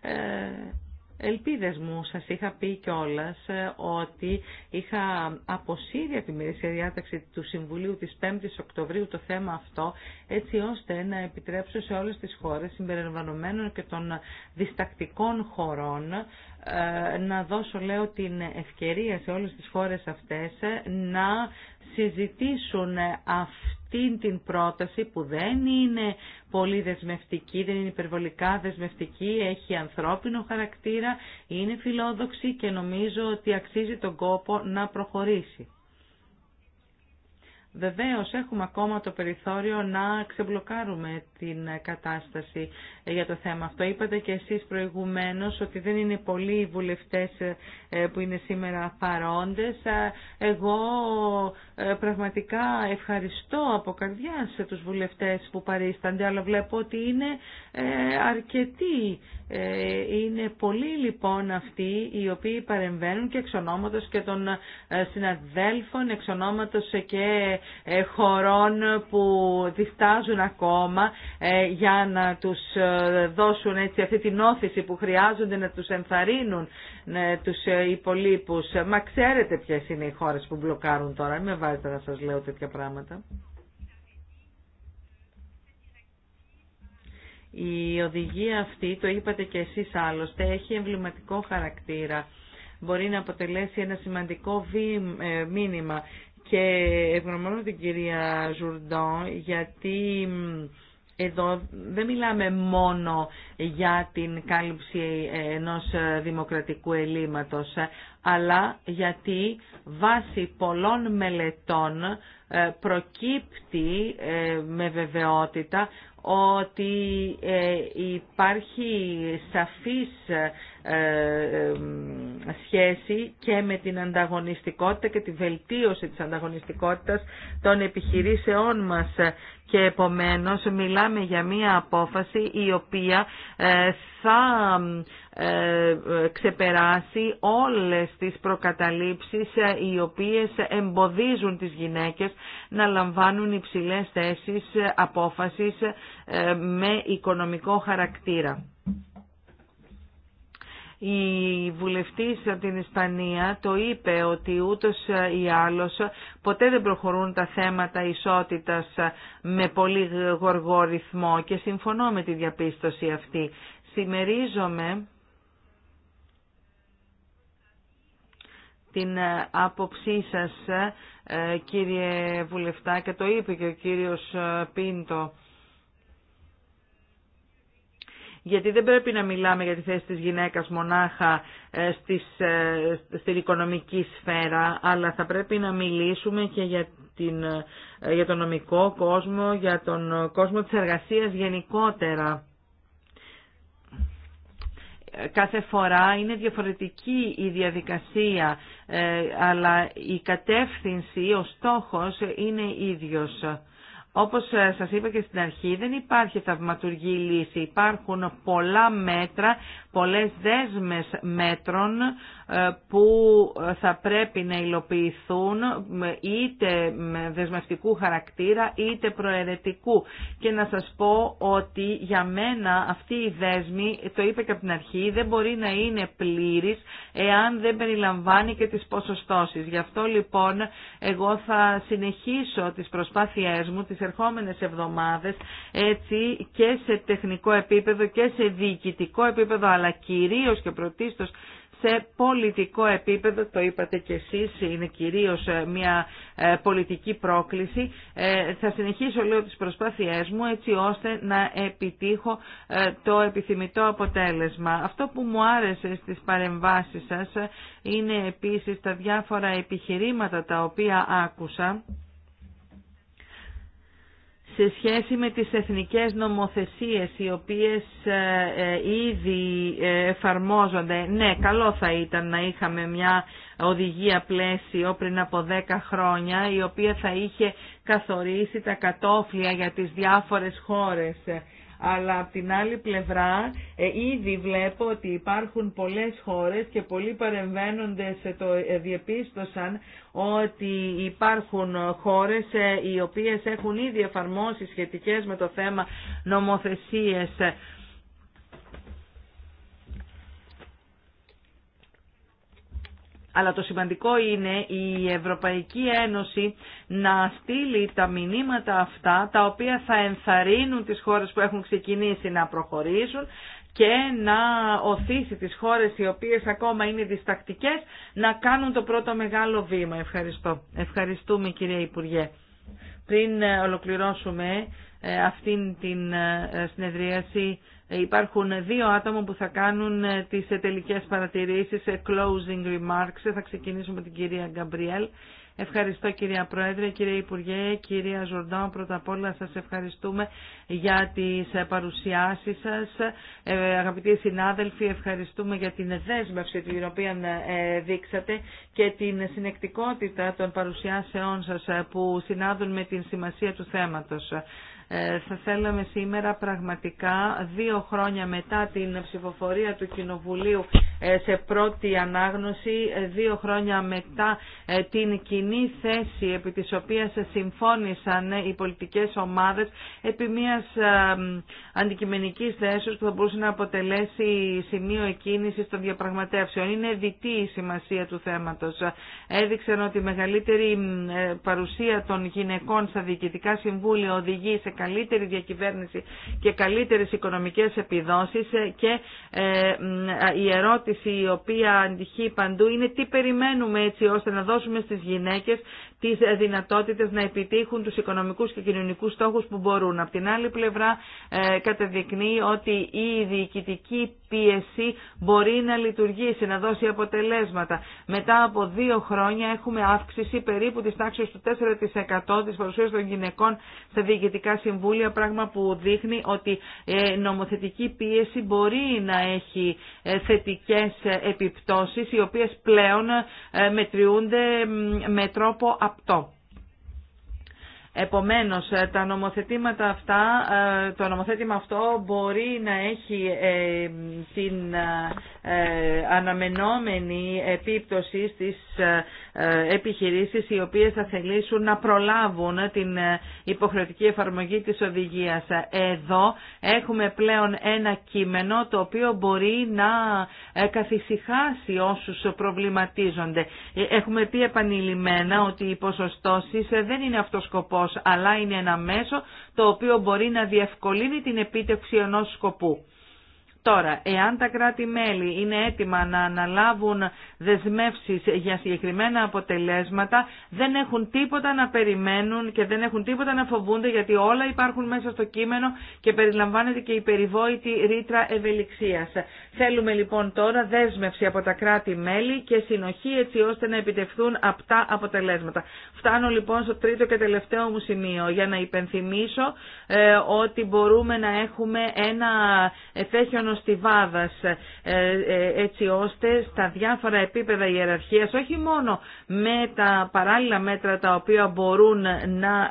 ε, ελπίδες μου. Σας είχα πει κιόλας ότι είχα αποσύρει από τη μερίσια διάταξη του Συμβουλίου της 5ης Οκτωβρίου το θέμα αυτό, έτσι ώστε να επιτρέψω σε όλες τις χώρες, συμπεριλαμβανομένων και των διστακτικών χωρών, ε, να δώσω, λέω, την ευκαιρία σε όλες τις χώρες αυτές ε, να συζητήσουν αυτήν την πρόταση που δεν είναι πολύ δεσμευτική, δεν είναι υπερβολικά δεσμευτική, έχει ανθρώπινο χαρακτήρα, είναι φιλόδοξη και νομίζω ότι αξίζει τον κόπο να προχωρήσει. Βεβαίως έχουμε ακόμα το περιθώριο να ξεμπλοκάρουμε την κατάσταση για το θέμα αυτό. Είπατε και εσείς προηγουμένως ότι δεν είναι πολλοί οι βουλευτές ε, που είναι σήμερα παρόντες. Ε, εγώ ε, πραγματικά ευχαριστώ από καρδιά σε τους βουλευτές που παρίστανται, αλλά βλέπω ότι είναι αρκετοί ε, είναι πολλοί λοιπόν αυτοί οι οποίοι παρεμβαίνουν και εξ και των ε, συναδέλφων, εξ ε, και χωρών που διστάζουν ακόμα για να τους δώσουν έτσι αυτή την όθηση που χρειάζονται να τους ενθαρρύνουν τους υπολείπους. Μα ξέρετε ποιες είναι οι χώρες που μπλοκάρουν τώρα, μην με βάζετε να σας λέω τέτοια πράγματα. Η οδηγία αυτή, το είπατε και εσείς άλλωστε, έχει εμβληματικό χαρακτήρα. Μπορεί να αποτελέσει ένα σημαντικό ε, μήνυμα. Και ευγνωμόνω την κυρία Ζουρντόν γιατί εδώ δεν μιλάμε μόνο για την κάλυψη ενός δημοκρατικού ελλείμματος, αλλά γιατί βάσει πολλών μελετών ε, προκύπτει ε, με βεβαιότητα ότι ε, υπάρχει σαφής ε, ε, σχέση και με την ανταγωνιστικότητα και τη βελτίωση της ανταγωνιστικότητας των επιχειρήσεών μας και επομένως μιλάμε για μία απόφαση η οποία ε, θα ξεπεράσει όλες τις προκαταλήψεις οι οποίες εμποδίζουν τις γυναίκες να λαμβάνουν υψηλές θέσεις απόφασης με οικονομικό χαρακτήρα η βουλευτής από την Ισπανία το είπε ότι ούτως ή άλλως ποτέ δεν προχωρούν τα θέματα ισότητας με πολύ γοργό ρυθμό και συμφωνώ με τη διαπίστωση αυτή. Σημερίζομαι την άποψή σας ε, κύριε Βουλευτά και το είπε και ο κύριος Πίντο γιατί δεν πρέπει να μιλάμε για τη θέση της γυναίκας μονάχα ε, στις, ε, στην οικονομική σφαίρα, αλλά θα πρέπει να μιλήσουμε και για, την, ε, για τον νομικό κόσμο, για τον κόσμο της εργασίας γενικότερα κάθε φορά είναι διαφορετική η διαδικασία, αλλά η κατεύθυνση, ο στόχος είναι ίδιος. Όπως ε, σας είπα και στην αρχή, δεν υπάρχει θαυματουργή λύση. Υπάρχουν πολλά μέτρα, πολλές δέσμες μέτρων ε, που ε, θα πρέπει να υλοποιηθούν είτε με δεσμευτικού χαρακτήρα είτε προαιρετικού. Και να σας πω ότι για μένα αυτή η δέσμη, το είπα και από την αρχή, δεν μπορεί να είναι πλήρης εάν δεν περιλαμβάνει και τις ποσοστώσεις. Γι' αυτό λοιπόν εγώ θα συνεχίσω τις προσπάθειές μου, ερχόμενες εβδομάδες έτσι και σε τεχνικό επίπεδο και σε διοικητικό επίπεδο αλλά κυρίως και πρωτίστως σε πολιτικό επίπεδο, το είπατε και εσείς, είναι κυρίως ε, μια ε, πολιτική πρόκληση. Ε, θα συνεχίσω λέω τις προσπάθειές μου έτσι ώστε να επιτύχω το επιθυμητό αποτέλεσμα. Αυτό που μου άρεσε στις παρεμβάσεις σας είναι επίσης τα διάφορα επιχειρήματα τα οποία άκουσα σε σχέση με τις εθνικές νομοθεσίες οι οποίες ε, ε, ήδη ε, εφαρμόζονται. Ναι, καλό θα ήταν να είχαμε μια οδηγία πλαίσιο πριν από 10 χρόνια η οποία θα είχε καθορίσει τα κατόφλια για τις διάφορες χώρες αλλά από την άλλη πλευρά ε, ήδη βλέπω ότι υπάρχουν πολλές χώρες και πολλοί σε το ε, διεπίστωσαν ότι υπάρχουν χώρες ε, οι οποίες έχουν ήδη εφαρμόσει σχετικές με το θέμα νομοθεσίες Αλλά το σημαντικό είναι η Ευρωπαϊκή Ένωση να στείλει τα μηνύματα αυτά τα οποία θα ενθαρρύνουν τις χώρες που έχουν ξεκινήσει να προχωρήσουν και να οθήσει τις χώρες οι οποίες ακόμα είναι διστακτικές να κάνουν το πρώτο μεγάλο βήμα. Ευχαριστώ. Ευχαριστούμε κυρία Υπουργέ. Πριν ολοκληρώσουμε ε, αυτήν την ε, συνεδρίαση ε, υπάρχουν δύο άτομα που θα κάνουν τις τελικές παρατηρήσεις, closing remarks. Θα ξεκινήσουμε με την κυρία Γκαμπριέλ. Ευχαριστώ κυρία Πρόεδρε, κύριε Υπουργέ, κυρία Ζορντάν. Πρώτα απ' όλα σας ευχαριστούμε για τις παρουσιάσεις σας. Ε, αγαπητοί συνάδελφοι, ευχαριστούμε για την δέσμευση την οποία δείξατε και την συνεκτικότητα των παρουσιάσεών σας που συνάδουν με την σημασία του θέματος. Ε, θα θέλαμε σήμερα πραγματικά δύο χρόνια μετά την ψηφοφορία του Κοινοβουλίου ε, σε πρώτη ανάγνωση, ε, δύο χρόνια μετά την κοινή θέση επί της οποίας συμφώνησαν οι πολιτικές ομάδες επί μιας αντικειμενικής θέσης που θα μπορούσε να αποτελέσει σημείο εκκίνησης των διαπραγματεύσεων. Είναι δυτή η σημασία του θέματος. Έδειξαν ότι η μεγαλύτερη παρουσία των γυναικών στα διοικητικά συμβούλια καλύτερη διακυβέρνηση και καλύτερες οικονομικές επιδόσεις ε, και ε, η ερώτηση η οποία αντυχεί παντού είναι τι περιμένουμε έτσι ώστε να δώσουμε στις γυναίκες τις δυνατότητες να επιτύχουν τους οικονομικούς και κοινωνικούς στόχους που μπορούν. Απ' την άλλη πλευρά ε, καταδεικνύει ότι η διοικητική πίεση μπορεί να λειτουργήσει, να δώσει αποτελέσματα. Μετά από δύο χρόνια έχουμε αύξηση περίπου της τάξης του 4% της παρουσίας των γυναικών στα διοικητικά συμβούλια, πράγμα που δείχνει ότι ε, νομοθετική πίεση μπορεί να έχει ε, θετικές επιπτώσεις, οι οποίες πλέον μετριούνται με τρόπο Επομένω, Επομένως, ε, τα νομοθετήματα αυτά, ε, το νομοθέτημα αυτό μπορεί να έχει ε, την αναμενόμενη επίπτωση στις ε, επιχειρήσεις οι οποίες θα θελήσουν να προλάβουν την ε, υποχρεωτική εφαρμογή της οδηγίας. Εδώ έχουμε πλέον ένα κείμενο το οποίο μπορεί να ε, καθησυχάσει όσους προβληματίζονται. Έχουμε πει επανειλημμένα ότι οι ποσοστώσεις δεν είναι αυτός σκοπός αλλά είναι ένα μέσο το οποίο μπορεί να διευκολύνει την επίτευξη ενός σκοπού. Τώρα, εάν τα κράτη-μέλη είναι έτοιμα να αναλάβουν δεσμεύσεις για συγκεκριμένα αποτελέσματα, δεν έχουν τίποτα να περιμένουν και δεν έχουν τίποτα να φοβούνται γιατί όλα υπάρχουν μέσα στο κείμενο και περιλαμβάνεται και η περιβόητη ρήτρα ευελιξίας. Θέλουμε λοιπόν τώρα δέσμευση από τα κράτη-μέλη και συνοχή έτσι ώστε να επιτευχθούν αυτά αποτελέσματα. Φτάνω λοιπόν στο τρίτο και τελευταίο μου σημείο για να υπενθυμίσω ε, ότι μπορούμε να έχουμε ένα εφέσιον βάδας ε, ε, ε, έτσι ώστε στα διάφορα επίπεδα ιεραρχίας όχι μόνο με τα παράλληλα μέτρα τα οποία μπορούν να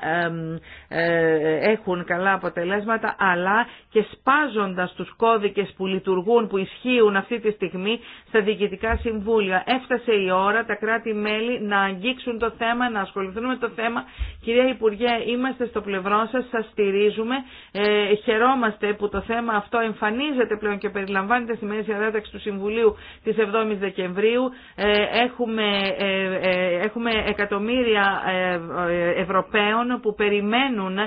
έχουν καλά αποτελέσματα αλλά και σπάζοντας τους κώδικες που λειτουργούν, που ισχύουν αυτή τη στιγμή στα διοικητικά συμβούλια. Έφτασε η ώρα τα κράτη-μέλη να αγγίξουν το θέμα, να ασχοληθούν με το θέμα. Κυρία Υπουργέ, είμαστε στο πλευρό σας, σας στηρίζουμε. Ε, χαιρόμαστε που το θέμα αυτό εμφανίζεται πλέον και περιλαμβάνεται στη μέση διατάξη του Συμβουλίου τη 7 η Δεκεμβρίου. Ε, έχουμε, ε, ε, έχουμε εκατομμύρια Ευρωπαίων που περιμένουν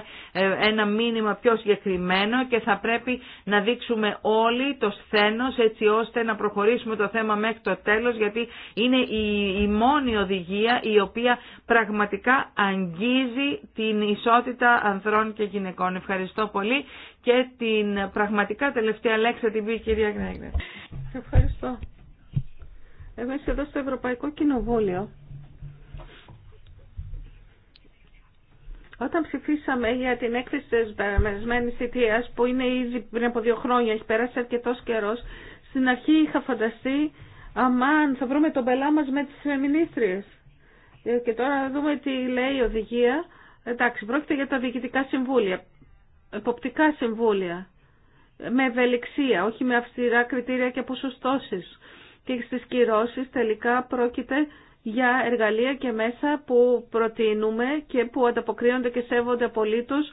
ένα μήνυμα πιο συγκεκριμένο και θα πρέπει να δείξουμε όλοι το σθένος έτσι ώστε να προχωρήσουμε το θέμα μέχρι το τέλος γιατί είναι η, μόνη οδηγία η οποία πραγματικά αγγίζει την ισότητα ανθρώπων και γυναικών. Ευχαριστώ πολύ και την πραγματικά τελευταία λέξη την πει η κυρία Γκρέγκρε. Ευχαριστώ. Εμείς εδώ στο Ευρωπαϊκό Κοινοβούλιο Όταν ψηφίσαμε για την έκθεση τη περασμένη θητείας... που είναι ήδη πριν από δύο χρόνια, έχει περάσει αρκετό καιρό, στην αρχή είχα φανταστεί, αμάν, θα βρούμε τον πελά μας με τις φεμινίστριε. Ε, και τώρα δούμε τι λέει η οδηγία. Ε, εντάξει, πρόκειται για τα διοικητικά συμβούλια εποπτικά συμβούλια με ευελιξία, όχι με αυστηρά κριτήρια και ποσοστώσεις. Και στις κυρώσεις τελικά πρόκειται για εργαλεία και μέσα που προτείνουμε και που ανταποκρίνονται και σέβονται απολύτως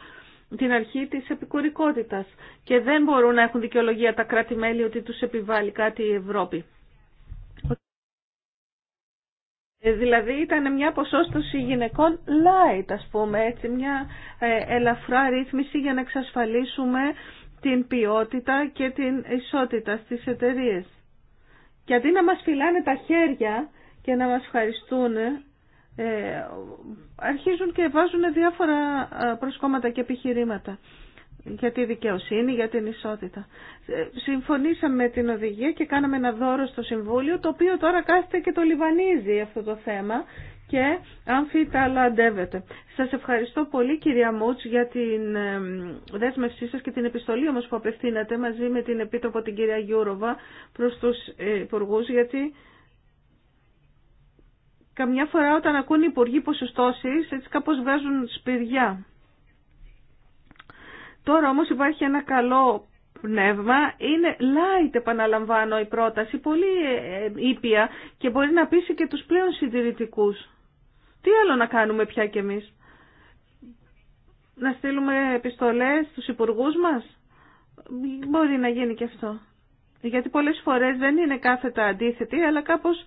την αρχή της επικουρικότητας. Και δεν μπορούν να έχουν δικαιολογία τα κράτη-μέλη ότι τους επιβάλλει κάτι η Ευρώπη. Ε, δηλαδή ήταν μια ποσόστοση γυναικών light, ας πούμε, έτσι, μια ε, ελαφρά ρύθμιση για να εξασφαλίσουμε την ποιότητα και την ισότητα στις εταιρείε. Και αντί να μας φυλάνε τα χέρια και να μας ευχαριστούν, ε, αρχίζουν και βάζουν διάφορα προσκόμματα και επιχειρήματα για τη δικαιοσύνη, για την ισότητα. Ε, συμφωνήσαμε με την οδηγία και κάναμε ένα δώρο στο Συμβούλιο, το οποίο τώρα κάθεται και το λιβανίζει αυτό το θέμα και αντέβεται. Σας ευχαριστώ πολύ κυρία Μούτς για την ε, δέσμευσή σας και την επιστολή όμως που απευθύνατε μαζί με την Επίτροπο την κυρία Γιούροβα προς τους υπουργού γιατί καμιά φορά όταν ακούν οι υπουργοί ποσοστώσεις έτσι κάπως βγάζουν σπηριά. Τώρα όμως υπάρχει ένα καλό πνεύμα. Είναι light, επαναλαμβάνω, η πρόταση, πολύ ε, ε, ήπια και μπορεί να πείσει και τους πλέον συντηρητικούς. Τι άλλο να κάνουμε πια κι εμείς. Να στείλουμε επιστολές στους υπουργούς μας. Μπορεί να γίνει και αυτό. Γιατί πολλές φορές δεν είναι κάθετα αντίθετοι, αλλά κάπως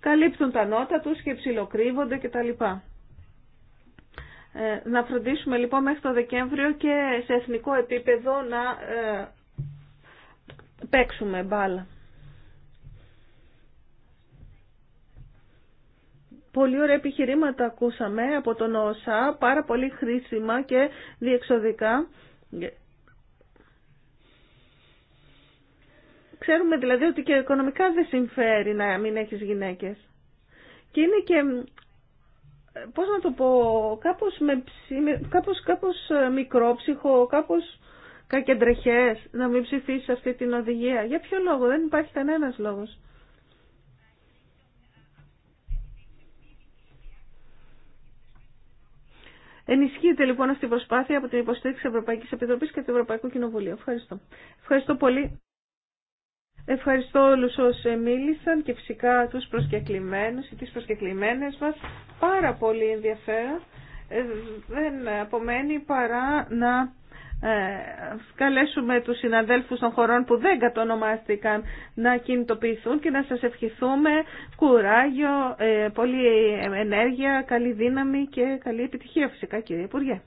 καλύπτουν τα νότα τους και ψιλοκρύβονται κτλ. Ε, να φροντίσουμε λοιπόν μέχρι το Δεκέμβριο και σε εθνικό επίπεδο να ε, παίξουμε μπάλα. Πολύ ωραία επιχειρήματα ακούσαμε από τον ΩΣΑ, πάρα πολύ χρήσιμα και διεξοδικά. Ξέρουμε δηλαδή ότι και οικονομικά δεν συμφέρει να μην έχεις γυναίκες. Και είναι και πώς να το πω, κάπως, με, κάπως, κάπως ε, μικρόψυχο, κάπως κακεντρεχές να μην ψηφίσει αυτή την οδηγία. Για ποιο λόγο, δεν υπάρχει κανένας λόγος. Ενισχύεται λοιπόν αυτή η προσπάθεια από την υποστήριξη Ευρωπαϊκής Επιτροπής και του Ευρωπαϊκού Κοινοβουλίου. Ευχαριστώ. Ευχαριστώ πολύ. Ευχαριστώ όλους όσοι μίλησαν και φυσικά τους προσκεκλημένους ή τις προσκεκλημένες μας. Πάρα πολύ ενδιαφέρον. Ε, δεν απομένει παρά να ε, καλέσουμε τους συναδέλφους των χωρών που δεν κατονομάστηκαν να κινητοποιηθούν και να σας ευχηθούμε κουράγιο, ε, πολύ ενέργεια, καλή δύναμη και καλή επιτυχία φυσικά κύριε Υπουργέ.